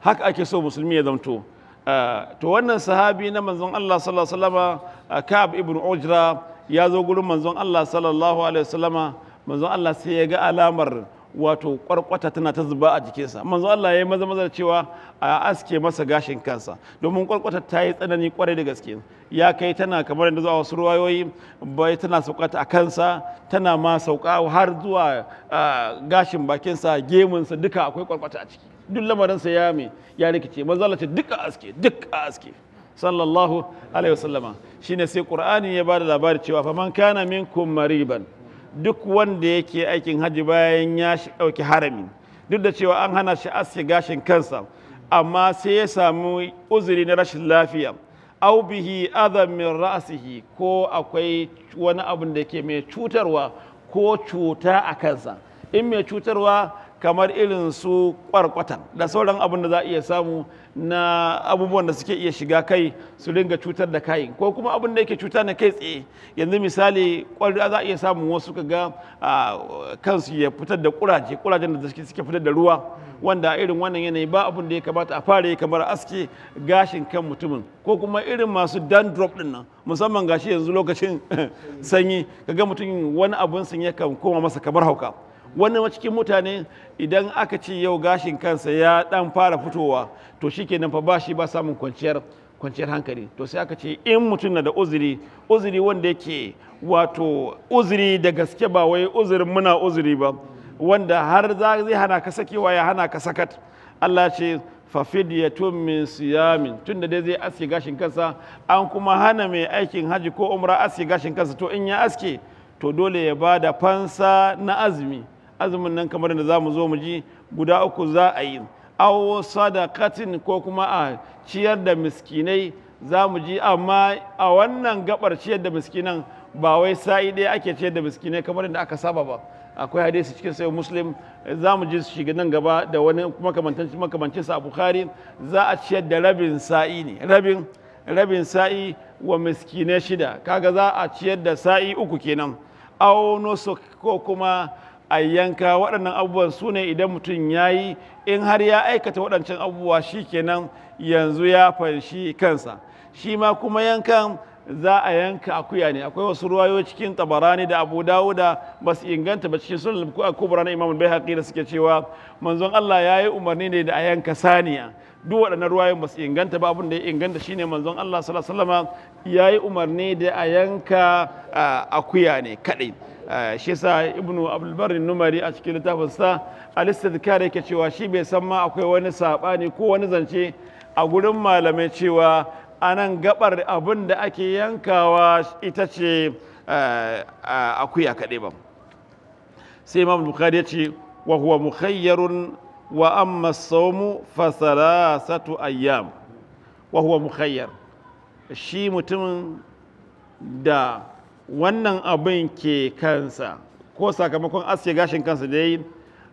haka ake so musulmi ya zamto eh, to wannan sahabi na manzon Allah sallallahu alaihi wasallama eh, Ka'ab ibn Ujra ya zo gurin manzon Allah sallallahu alaihi wasallama manzon Allah sai ya ga alamar wato kwarkwata tana ta zuba a jikinsa manzon Allah ya yi maza maza cewa a aske masa gashin kansa domin kwarkwata ta yi tsanani kwarai da gaske ya kai tana kamar yadda zuwa wasu ruwayoyi bai tana sauka a kansa tana ma sauka har zuwa eh, gashin bakinsa gemunsa duka akwai kwarkwata a ciki duk lamarinsa ya mai ya rikice manzo Allah ce duk a aske duk a aske sallallahu alaihi wasallama shine sai qur'ani ya bada labari cewa fa man kana minkum mariban duk wanda yake aikin haji bayan ya dauki harami duk da cewa an hana shi aske gashin kansa amma sai ya samu uzuri na rashin lafiya au bihi adam min ra'sihi ko akwai wani abu da yake mai cutarwa ko cuta a kansa in mai cutarwa kamar irin su kwarkwatan da sauran abin da za a iya samu na abubuwan da suke iya shiga kai su ringa cutar da kayi ko kuma abin da yake cuta na kai tsaye yanzu misali kwarra za a iya samun wasu kaga kansu ya fitar da kuraje kurajen da suke fitar da ruwa wanda irin wannan yanayi ba abin da ya kamata a fara kamar aske gashin kan mutumin ko kuma irin masu dandrop din nan musamman gashi yanzu lokacin sanyi kaga mutum wani abun sun yakan koma masa kamar hauka wani cikin mutane idan aka ce yau gashin kansa ya dan fara fitowa to shikenan fa ba shi ba samun kwanciyar hankali to sai aka ce in mutum na da uzuri uzuri wanda yake wato uzuri da gaske ba wai uzurin muna uzuri ba wanda har zai hana ka sakewa ya hana ka sakat Allah ce fafidyatun min siyamin tunda dai zai aske gashin kansa an kuma hana mai aikin haji ko umra aske gashin kansa to in ya aske to dole ya ba da fansa na azumi azumin nan kamar da za mu zo mu ji guda uku za a yi awo sadakatin ko kuma a ciyar da miskinai za mu ji amma a wannan gabar ciyar da miskinan ba wai sa'i ɗaya ake ciyar da miskinai kamar da aka saba ba akwai hadisi cikin sai muslim za mu ji su shiga nan gaba da wani makamancin sa a bukhari za a ciyar da rabin sa'i ne rabin rabin sa'i wa miskinai shida kaga za a ciyar da sa'i uku kenan awo nosok ko kuma a yanka waɗannan abubuwan su ne idan mutum ya yi in har ya aikata waɗancan abubuwa shi kenan yanzu ya fanshi kansa shi ma kuma yankan za a yanka akuya ne akwai wasu ruwayo cikin tabarani da abu dawuda ba su inganta ba cikin sunan kubra na imamul bai da suke cewa manzon allah ya yi umarni ne da a yanka saniya duk waɗannan ruwayo ba su inganta ba abin da ya inganta shine manzon allah sallallahu ya yi umarni da a yanka akuya ne kaɗai Eh, shi sa ibnu abdulbar numari a cikin littafinsa al-istidkar yake cewa shi bai san ma akwai wani saɓani ko wani zance a gurin malamai cewa a nan gabar abin da ake yankawa ita ce eh, akuya kaɗai ba sai imam bukhari ya ce wa huwa mukhayyarun wa amma sawmu fa ayyam wa huwa mukhayyar shi mutumin da wannan abin ke kansa ko sakamakon aske gashin kansa da yi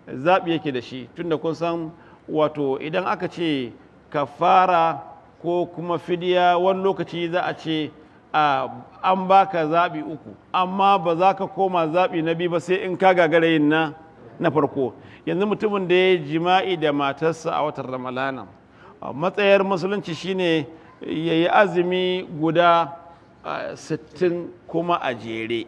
zaɓi yake da shi tunda kun san wato idan aka ce ka fara ko kuma fidiya wani lokaci za a ce an baka zaɓi uku amma ba za ka koma zaɓi na biyu ba sai in ka gagara yin na farko yanzu mutumin da ya jima'i da matarsa a watan ramalana matsayar musulunci shine ya yi azumi guda sittin kuma a jere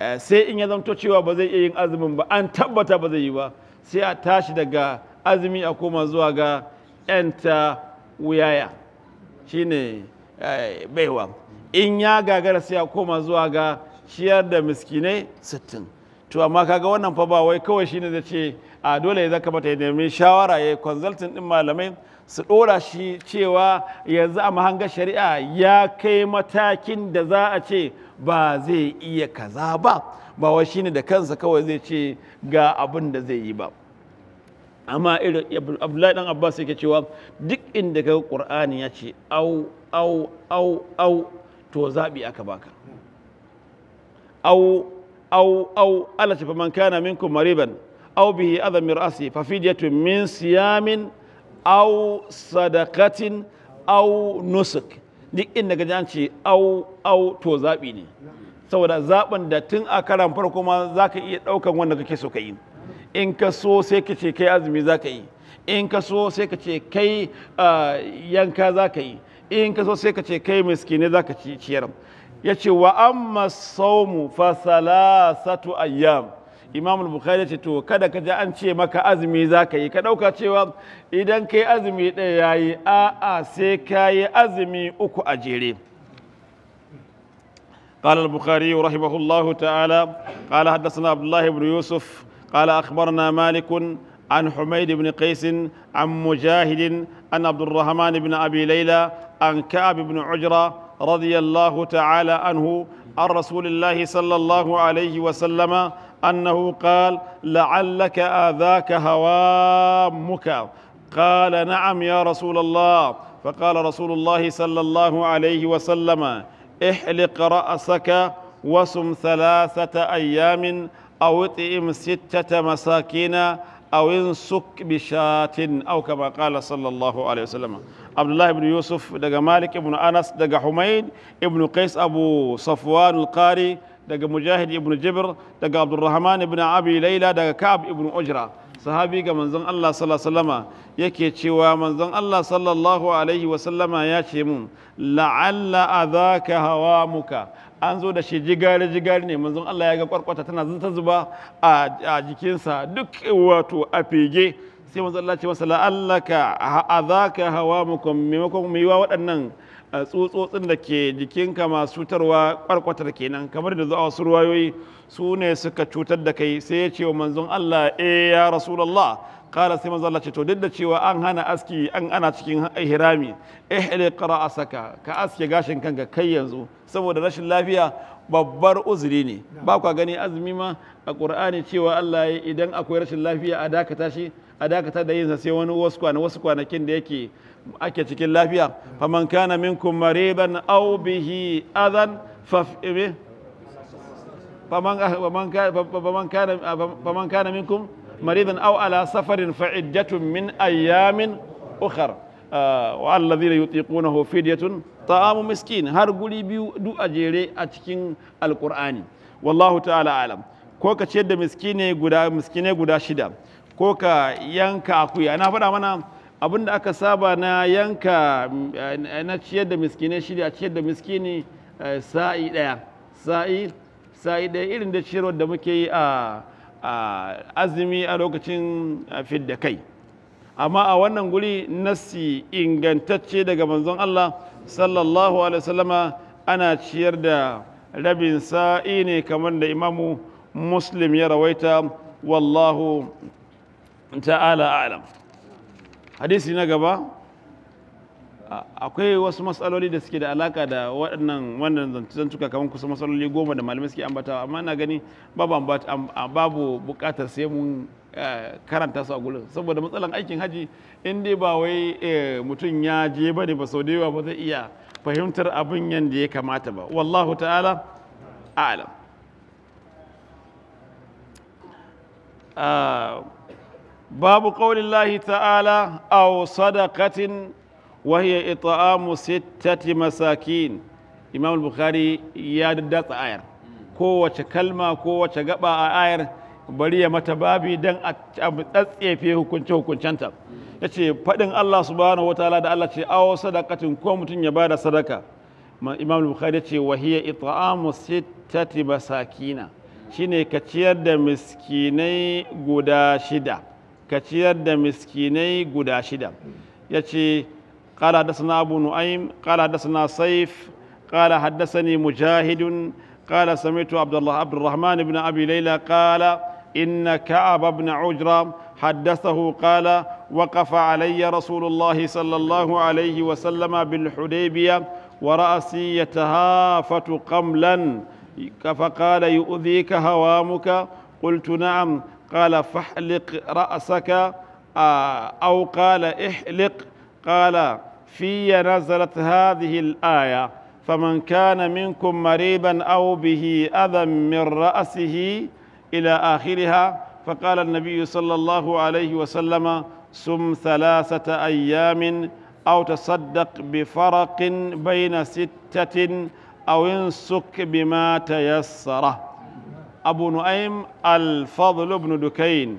eh, sai in ya zamto cewa ba zai iya yin azumin ba an tabbata ba zai yi ba sai a tashi daga azumi a koma zuwa ga yanta wuyaya shine eh, baiwa in ya gagara sai a koma zuwa ga ciyar da miskinai sittin to amma kaga wannan fa ba wai kawai shine zai ce a dole ya zaka mata ya nemi shawara ya yi consulting din malamai su ɗora shi cewa yanzu a mahanga shari'a ya kai matakin da za a ce ba zai iya kaza ba ba wa shine da kansa kawai zai ce ga abin da zai yi ba amma irin abdullahi dan abbas yake cewa duk inda ga qur'ani ya ce au au au au to zaɓi aka baka au au au ala tafi man kana minkum mariban au bihi adha min fa fidyatun min siyamin au sadakatin au nusuk duk inda gaji an ce au au to zaɓi ne saboda zaɓin da tun a karan farko ma zaka iya ɗaukan wanda kake so ka yi in ka so sai ka ce kai azumi za yi in ka so sai ka ce kai yanka za ka yi in ka so sai ka ce kai miskine za ka ciyar ya ce wa amma saumu fa salasatu ayyam imam bukhari ce to kada ka ji an ce maka azumi za ka yi ka ɗauka cewa idan ka yi azumi ɗaya ya yi a'a sai ka yi azumi uku a jere قال البخاري رحمه الله تعالى قال حدثنا عبد الله بن يوسف قال أخبرنا مالك عن حميد بن قيس عن مجاهد عن عبد الرحمن بن أبي ليلى عن كعب بن عجرة رضي الله تعالى عنه عن رسول الله صلى الله عليه وسلم انه قال لعلك اذاك هوامك قال نعم يا رسول الله فقال رسول الله صلى الله عليه وسلم احلق راسك وصم ثلاثه ايام او اطعم سته مساكين أو انسك بشاة أو كما قال صلى الله عليه وسلم عبد الله بن يوسف دقا مالك بن أنس دقا حميد ابن قيس أبو صفوان القاري daga mujahid ibn jibir daga Abdulrahman ibn abi laila daga ka'ab ibn ujra sahabi ga manzon Allah sallallahu alaihi yake cewa manzon Allah sallallahu alaihi wasallama ya ce mun la'alla adhaka hawamuka an zo da shi jigari jigari ne manzon Allah ya ga kwarkwata tana zanta zuba a jikinsa duk wato a fege sai manzon Allah ce masa la'allaka adhaka hawamukum maimakon mu yi wa waɗannan tsutsotsin da ke jikinka masu cutarwa kwarkwatar kenan kamar da zuwa wasu ruwayoyi su ne suka cutar da kai sai ya ce wa manzon Allah eh ya rasulullah kala sai manzon Allah ce to duk da cewa an hana aski an ana cikin hirami, ihrami a saka, ka aske gashin kanka kai yanzu saboda rashin lafiya babbar uzuri ne ba kwa gani azumi ma a qur'ani cewa Allah idan akwai rashin lafiya a dakata shi a dakata da yin sa sai wani wasu kwanakin da yake ake cikin lafiya faman kana minkum mariban aw bihi adan eh, ah, fa faman faman kana ah, faman kana minkum mariban aw ala safarin fa iddatun min ayamin ukhra ah, wa alladhina yutiqunahu fidyatun ta'amu miskin har guri biyu du a jere a cikin alqur'ani wallahu ta'ala alam ko ka ciyar da miskine guda miskine guda shida ko ka yanka akuya na faɗa mana abin da aka saba na yanka eh, na ciyar da miskinai shi a ciyar da miskini eh, sa'i ɗaya sa'i sa'i ɗaya irin da ciyarwar da muke yi a azumi a lokacin eh, fidda kai amma a wannan guri nasi ingantacce daga manzon Allah sallallahu alaihi wasallama ana ciyar da rabin sa'i ne kamar da imamu muslim ya rawaita wallahu ta'ala a'lam hadisi na gaba akwai wasu matsaloli da suke da alaka da waɗannan wannan cuka kamar kusa matsaloli goma da malamai suke ambata amma na gani babu bukatar sai mun eh, karanta su a gulun saboda matsalan aikin haji in dai ba wai eh, mutum ya je ba ne ba sau da yawa ba zai iya fahimtar abin yadda ya kamata ba wallahu ta'ala a'alam ah, باب قول الله تعالى أو صدقة وهي إطعام ستة مساكين إمام البخاري يا دات آير كو كلمة كو قبا آير bari ya mata babi don a tsatsefe hukunce hukuncenta ya ce faɗin Allah subhanahu wa ta'ala da Allah ce awo sadakatin ko mutum ya bada sadaka imam bukhari ya ce wahiyya it'amu sittati masakina shine ka ciyar da miskinai guda shida كثير دمسكيني قداشدا يتي قال حدثنا أبو نعيم قال حدثنا صيف قال حدثني مجاهد قال سمعت عبد الله عبد الرحمن بن أبي ليلى قال إن كعب بن عجرة حدثه قال وقف علي رسول الله صلى الله عليه وسلم بالحديبية ورأسي يتهافت قملا فقال يؤذيك هوامك قلت نعم قال فاحلق رأسك آه، أو قال احلق قال في نزلت هذه الآية فمن كان منكم مريبا أو به أذى من رأسه إلى آخرها فقال النبي صلى الله عليه وسلم سم ثلاثة أيام أو تصدق بفرق بين ستة أو انسك بما تيسره abu nu'aym al-fadl ibn dukayn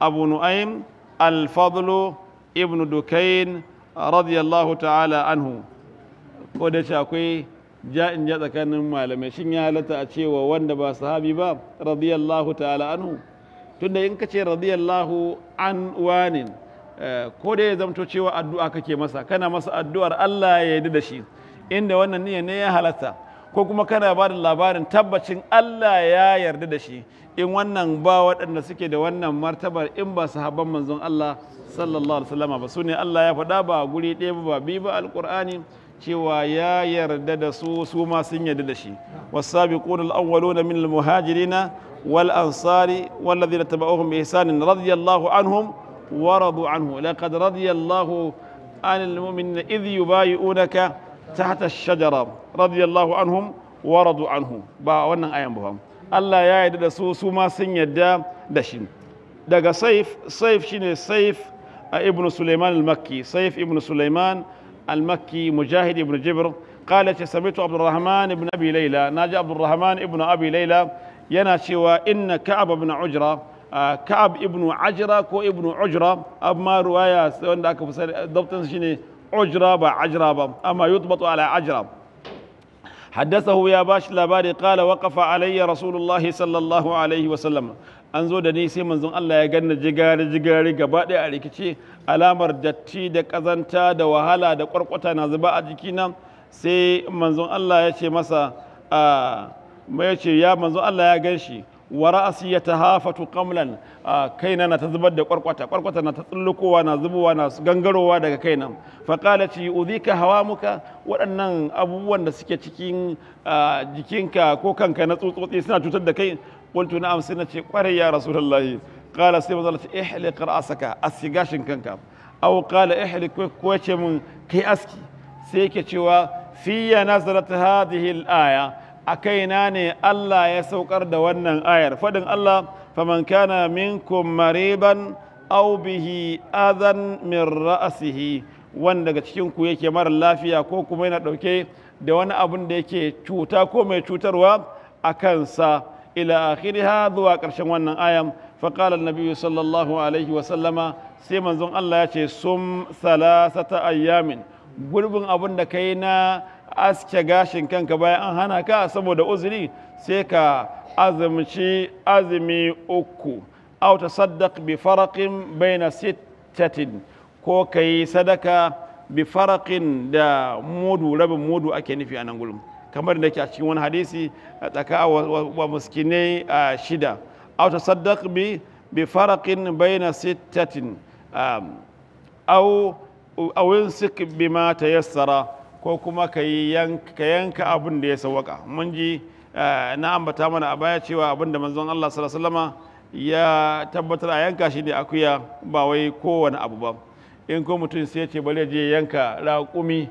abu nu'aym al-fadl ibn dukayn radiyallahu ta'ala anhu ko da ce akwai ja'in ja tsakanin malamai shin ya halatta a cewa wanda ba sahabi ba radiyallahu ta'ala anhu tunda in ka ce radiyallahu an wanin eh, ko da ya zamto cewa addu'a kake masa kana masa addu'ar Allah ya yi da shi inda wannan niyya ne ya halatta ko kuma kana ba da labarin tabbacin Allah ya yarda da shi in wannan ba waɗanda suke da wannan martabar in ba sahabban manzon Allah sallallahu alaihi wasallam ba su ne Allah ya faɗa ba guri ɗaya ba bi ba alqur'ani cewa ya yarda da su su ma sun yarda da shi wasabiquna alawwaluna min muhajirina wal ansari wal ladina tabauhum bi ihsanin radiyallahu anhum wa radu anhu laqad radiyallahu عن المؤمنين إذ يبايعونك تحت shajara radiyallahu anhum wa radu anhu ba wannan ayan ba Allah ya yarda da su su ma sun yarda da shi daga saif saif shine saif ibn Sulaiman al-Makki saif ibn Sulaiman al-Makki mujahid ibn Jibr قال سمعت عبد الرحمن بن ابي ليلى ناجي عبد الرحمن ابن ابي ليلى yana cewa inna ka'ab ibn ujra ka'ab ibn ajra ko ibn ujra amma ruwaya wanda aka fi sani dabtin shine ujra ba ajra ba amma yutbatu ala ajra haddathahu ya bashi labari qala waqafa alayya rasulullahi sallallahu alaihi wa sallam an zo da ni sai manzon Allah ya ganna jigari jigari gaba ɗaya a rikice alamar datti da kazanta da wahala da kwarkwata na zuba a jikina sai manzon Allah ya ce masa a ya ce ya manzon Allah ya gan shi wa ra'asi ya tahafatu qamlan kaina na ta zubar da kwarkwata kwarkwata na ta tsullukowa na zubowa na gangarowa daga kaina fa qalat hawa hawamuka waɗannan abubuwan da suke cikin jikinka ko kanka na tsutsotsi suna cutar da kai qultu na'am sai na ce kwarai ya rasulullahi qala sai manzo ce ihliq ra'saka asigashin kanka aw qala ihliq ko ce mun kai aski sai yake cewa fiya nazalat hadhihi al-aya a kaina ne Allah ya saukar da wannan ayar faɗin Allah faman kana minkum mariban aw bihi adan min ra'sihi wanda daga cikin ku yake mara lafiya ko kuma yana ɗauke da wani abun da yake cuta ko mai cutarwa a kansa ila akhiriha zuwa ƙarshen wannan ayan فقال النبي sallallahu alaihi wa sallama sai manzon Allah ya ce sum salasata ayyamin gurbin abun da kai na aske gashin kanka bayan an hana ka saboda uzuri sai ka azumci azumi uku aw tasaddaq bi faraqin baina sittatin ko kai sadaka bi da mudu rabin mudu ake nufi a nan gurin kamar da ke a cikin wani hadisi a tsaka wa muskinai a shida aw tasaddaq bi bi baina sittatin aw aw yumsik bima tayassara ko kuma ka yanka abin da ya sawaka mun ji eh, na ambata mana a baya cewa abin da manzon Allah sallallahu ya tabbatar a yanka shi ne akuya ba wai kowane abu ba in ko mutum sai ce bari je yanka raƙumi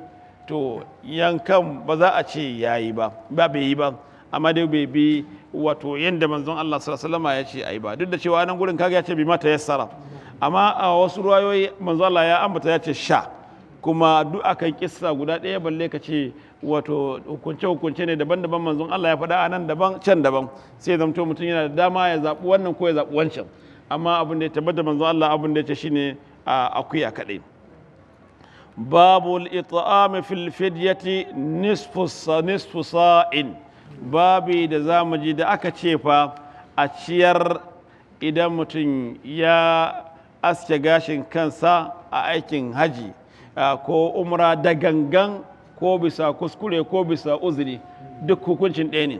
to yankan ba za a ce yayi ba ba bai yi ba amma dai bai bi wato yadda manzon Allah sallallahu ya ce yi ba duk da cewa nan gurin kaga ya ce bi mata yassara amma a wasu ruwayoyi manzon Allah ya ambata ya ce sha kuma duk kan kissa guda ɗaya balle ka ce wato hukunce hukunce ne daban-daban manzon Allah ya faɗa a nan daban can daban sai zamto mutum yana da dama ya zaɓi wannan ko ya zaɓi wancan amma abin da ya tabbata manzon Allah abin da ya ce shi ne a akuya kaɗai babu al-it'am fil fidyati nisfu nisfu sa'in babi da zamu ji da aka ce fa a ciyar idan mutum ya aske gashin kansa a aikin haji ko umra da gangan ko bisa kuskure ko bisa uzuri duk hukuncin ɗaya ne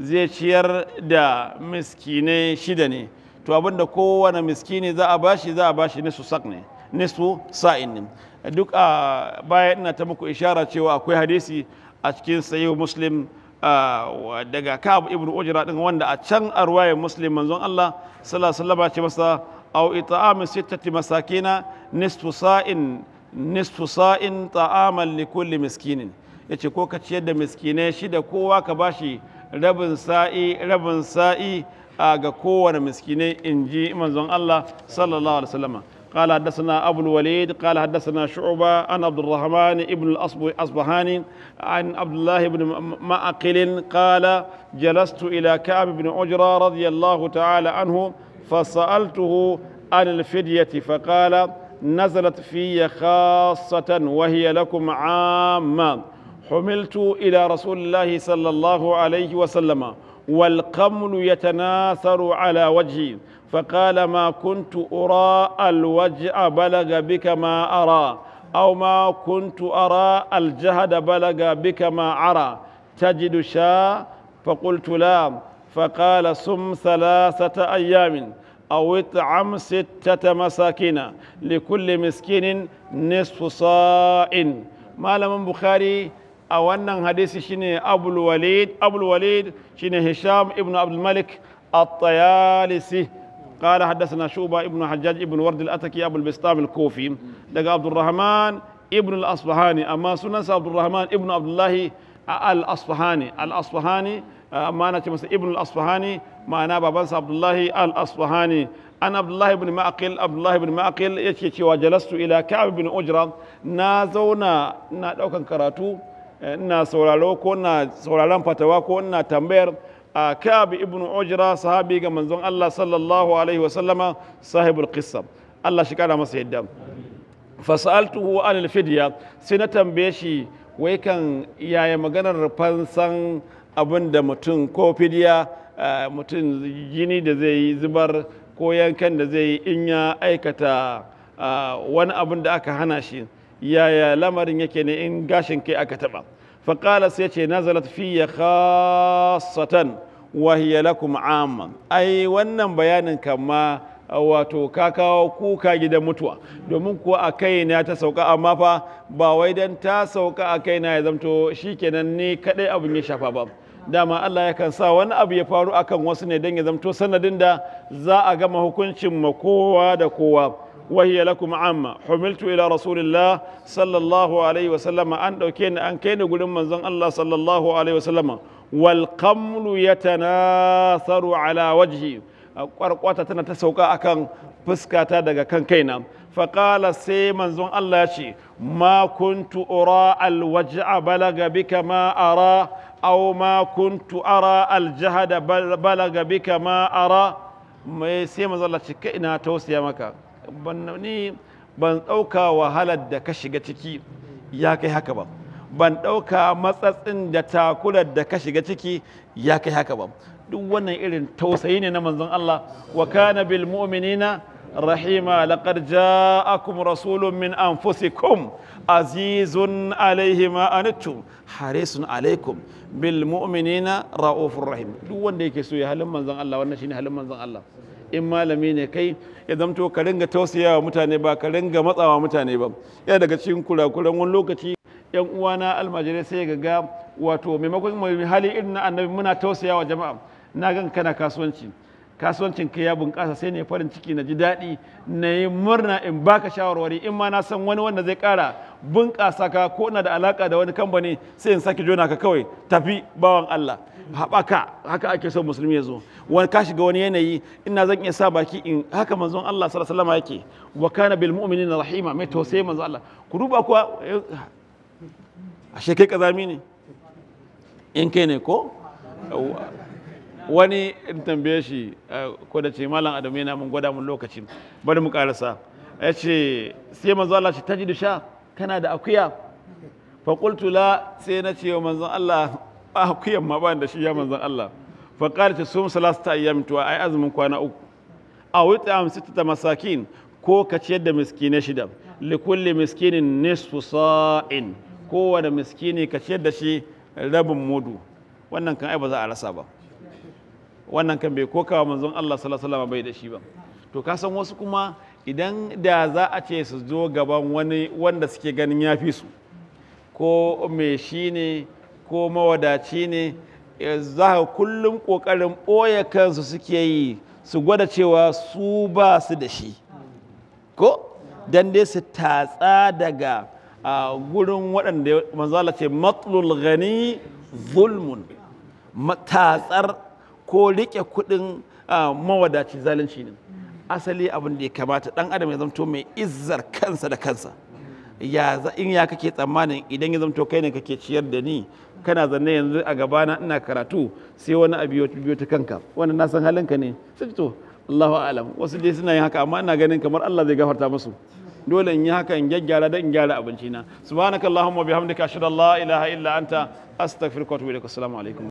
zai ciyar da miskine shida ne to abinda kowane miskini za a bashi za a bashi nisu sak ne nisu sa'in ne duk a baya ina ta muku ishara cewa akwai hadisi a cikin sayi muslim daga kab ibn ujra din wanda a can a ruwayar muslim manzon Allah sallallahu alaihi wasallam ce masa au ita'am sittati masakina nisfu sa'in nisfu sa'in ta'aman kulli miskinin yace ko ka ciyar da miskinai shida kowa ka bashi rabin sa'i rabin sa'i ga kowane miskinai in ji manzon Allah sallallahu alaihi wasallam قال حدثنا أبو الوليد قال حدثنا شعبة عن عبد الرحمن ابن الأصبهاني عن عبد الله بن معقل قال جلست إلى كعب بن عجرة رضي الله تعالى عنه فسألته عن الفدية فقال نزلت في خاصة وهي لكم عامة حملت إلى رسول الله صلى الله عليه وسلم والقمل يتناثر على وجهي فقال ما كنت أرى الوجه بلغ بك ما أرى أو ما كنت أرى الجهد بلغ بك ما أرى تجد شاء فقلت لا فقال سم ثلاثة أيام أو اطعم ستة مساكين لكل مسكين نصف صاع malamin bukhari a wannan hadisi shine abul walid abul walid shine hisham ibn abdul malik at-tayalisi قال حدثنا شوبة ابن حجاج ابن ورد الأتكي أبو البستام الكوفي لقى عبد الرحمن ابن الأصفهاني أما سنة عبد الرحمن ابن عبد الله الأصفهاني الأصفهاني amma ana ce masa ibn al-asfahani ma'ana babansa abdullahi al-asfahani an abdullahi ibn ma'aqil abdullahi ibn ma'aqil yake cewa jalastu ila ka'ab ibn ujra na zauna ina daukan karatu ina sauraro ko na sauraron fatawa ko ina tambayar a ka'ab ibn ujra sahabi ga manzon Allah sallallahu alaihi wa sallama sahibul qissa Allah shi masa yadda fasaltuhu an al-fidya sai na tambaye shi wai kan yaya maganar fansan abin da mutum ko fidiya eh, mutum jini da zai yi zubar ko yankan da zai yi in ya aikata eh, wani abin da aka hana shi yaya lamarin yake ne in gashin kai aka taba faƙala sai ce nazalat fiye khasatan wahiya lakum amman ai wannan bayanin kama eh, wato ka kawo kuka gidan mutuwa domin kuwa a kai na ta sauka amma fa ba wai dan ta sauka a kai na ya zamto shikenan ni kadai abin ya shafa ba dama Allah yakan sa wani abu ya faru akan wasu ne don ya zamto sanadin da za a gama hukuncin ma kowa da kowa wahiya lakum amma humiltu ila rasulillah sallallahu alaihi wasallama an dauke ni an kai ni gurin manzon Allah sallallahu alaihi wasallama wal qamlu yatanasaru ala wajhi kwarkwata tana ta sauka akan fuskata daga kan kaina faƙala sai manzon Allah ce ma kuntu ura alwaj'a balaga bika ma ara Auma ma kuntu ara aljahada balaga bika ma ara mai sai manzo Allah ce kai ina tausaya maka ban ni ban wahalar da ka shiga ciki ya kai haka ba ban dauka matsatsin da takurar da ka shiga ciki ya kai haka ba duk wannan irin tausayi ne na manzon Allah wa kana bil mu'minina رحيما لقد جاءكم رسول من أنفسكم عزيز عليه ما أنتم حريص عليكم bil mu'minina ra'ufur rahim duk wanda yake so ya halin manzon Allah wannan shine halin manzon Allah in malami ne kai ya zamto ka ringa tausayawa mutane ba ka ringa matsawa mutane ba yana daga cikin kurakuran wani lokaci yan uwana almajirai sai ga ga wato maimakon hali irin na annabi muna tausayawa jama'a na gan kana kasuwanci kasuwancin ka ya bunƙasa sai ne farin ciki na ji daɗi na yi murna in baka shawarwari in ma na san wani wanda zai ƙara bunƙasa ka ko na da alaƙa da wani kamfani sai in sake jona ka kawai tafi bawan Allah haɓaka haka ake so musulmi ya zo wani ka shiga wani yanayi ina zan iya sa baki in haka manzon Allah sallallahu alaihi yake wa kana bil mu'minina rahima mai tausayi manzon Allah ku duba kuwa ashe kai kazami ne in kai ne ko wani in tambaye shi eh, ko da ce malam Adamu yana mun gwada mun lokacin bari mu karasa ya ce sai manzo Allah shi tajidu sha kana da akuya fa qultu la sai na ce wa manzo Allah akuyan ma ba da shi ya manzo Allah fa qalat ta sum salasta ayyam to ai azumin kwana uku a wuta am sittata masakin ko ka ciyar da miskine shida likulli miskinin nisfu sa'in kowane miskini ka ciyar da shi rabin mudu wannan kan ai ba za a rasa ba wannan kan bai kokawa manzon Allah sallallahu alaihi wasallam bai da shi ba to ka san wasu kuma idan da za a ce su zo gaban wani wanda suke ganin ya fi su ko me shi ne ko mawadaci ne eh, za ka kullum ƙoƙarin ɓoye kansu suke yi su gwada cewa su ba su da shi ko dan dai su tatsa daga a gurin waɗanda manzala ce matsalul gani zulmun matatsar ko riƙe kuɗin mawadaci zalunci ne asali abin da ya kamata ɗan adam ya zamto mai izzar kansa da kansa ya in ya kake tsammanin idan ya zamto kai ne kake ciyar da ni kana zanne yanzu a gabana ina karatu sai wani abu biyo ta kanka wannan na san halinka ne sai to Allahu alam wasu dai suna yin haka amma ina ganin kamar Allah zai gafarta musu dole in yi haka in gyaggyara da in gyara abinci na subhanakallahumma bihamdika ashhadu an la ilaha illa anta astaghfiruka wa atubu ilaik assalamu alaikum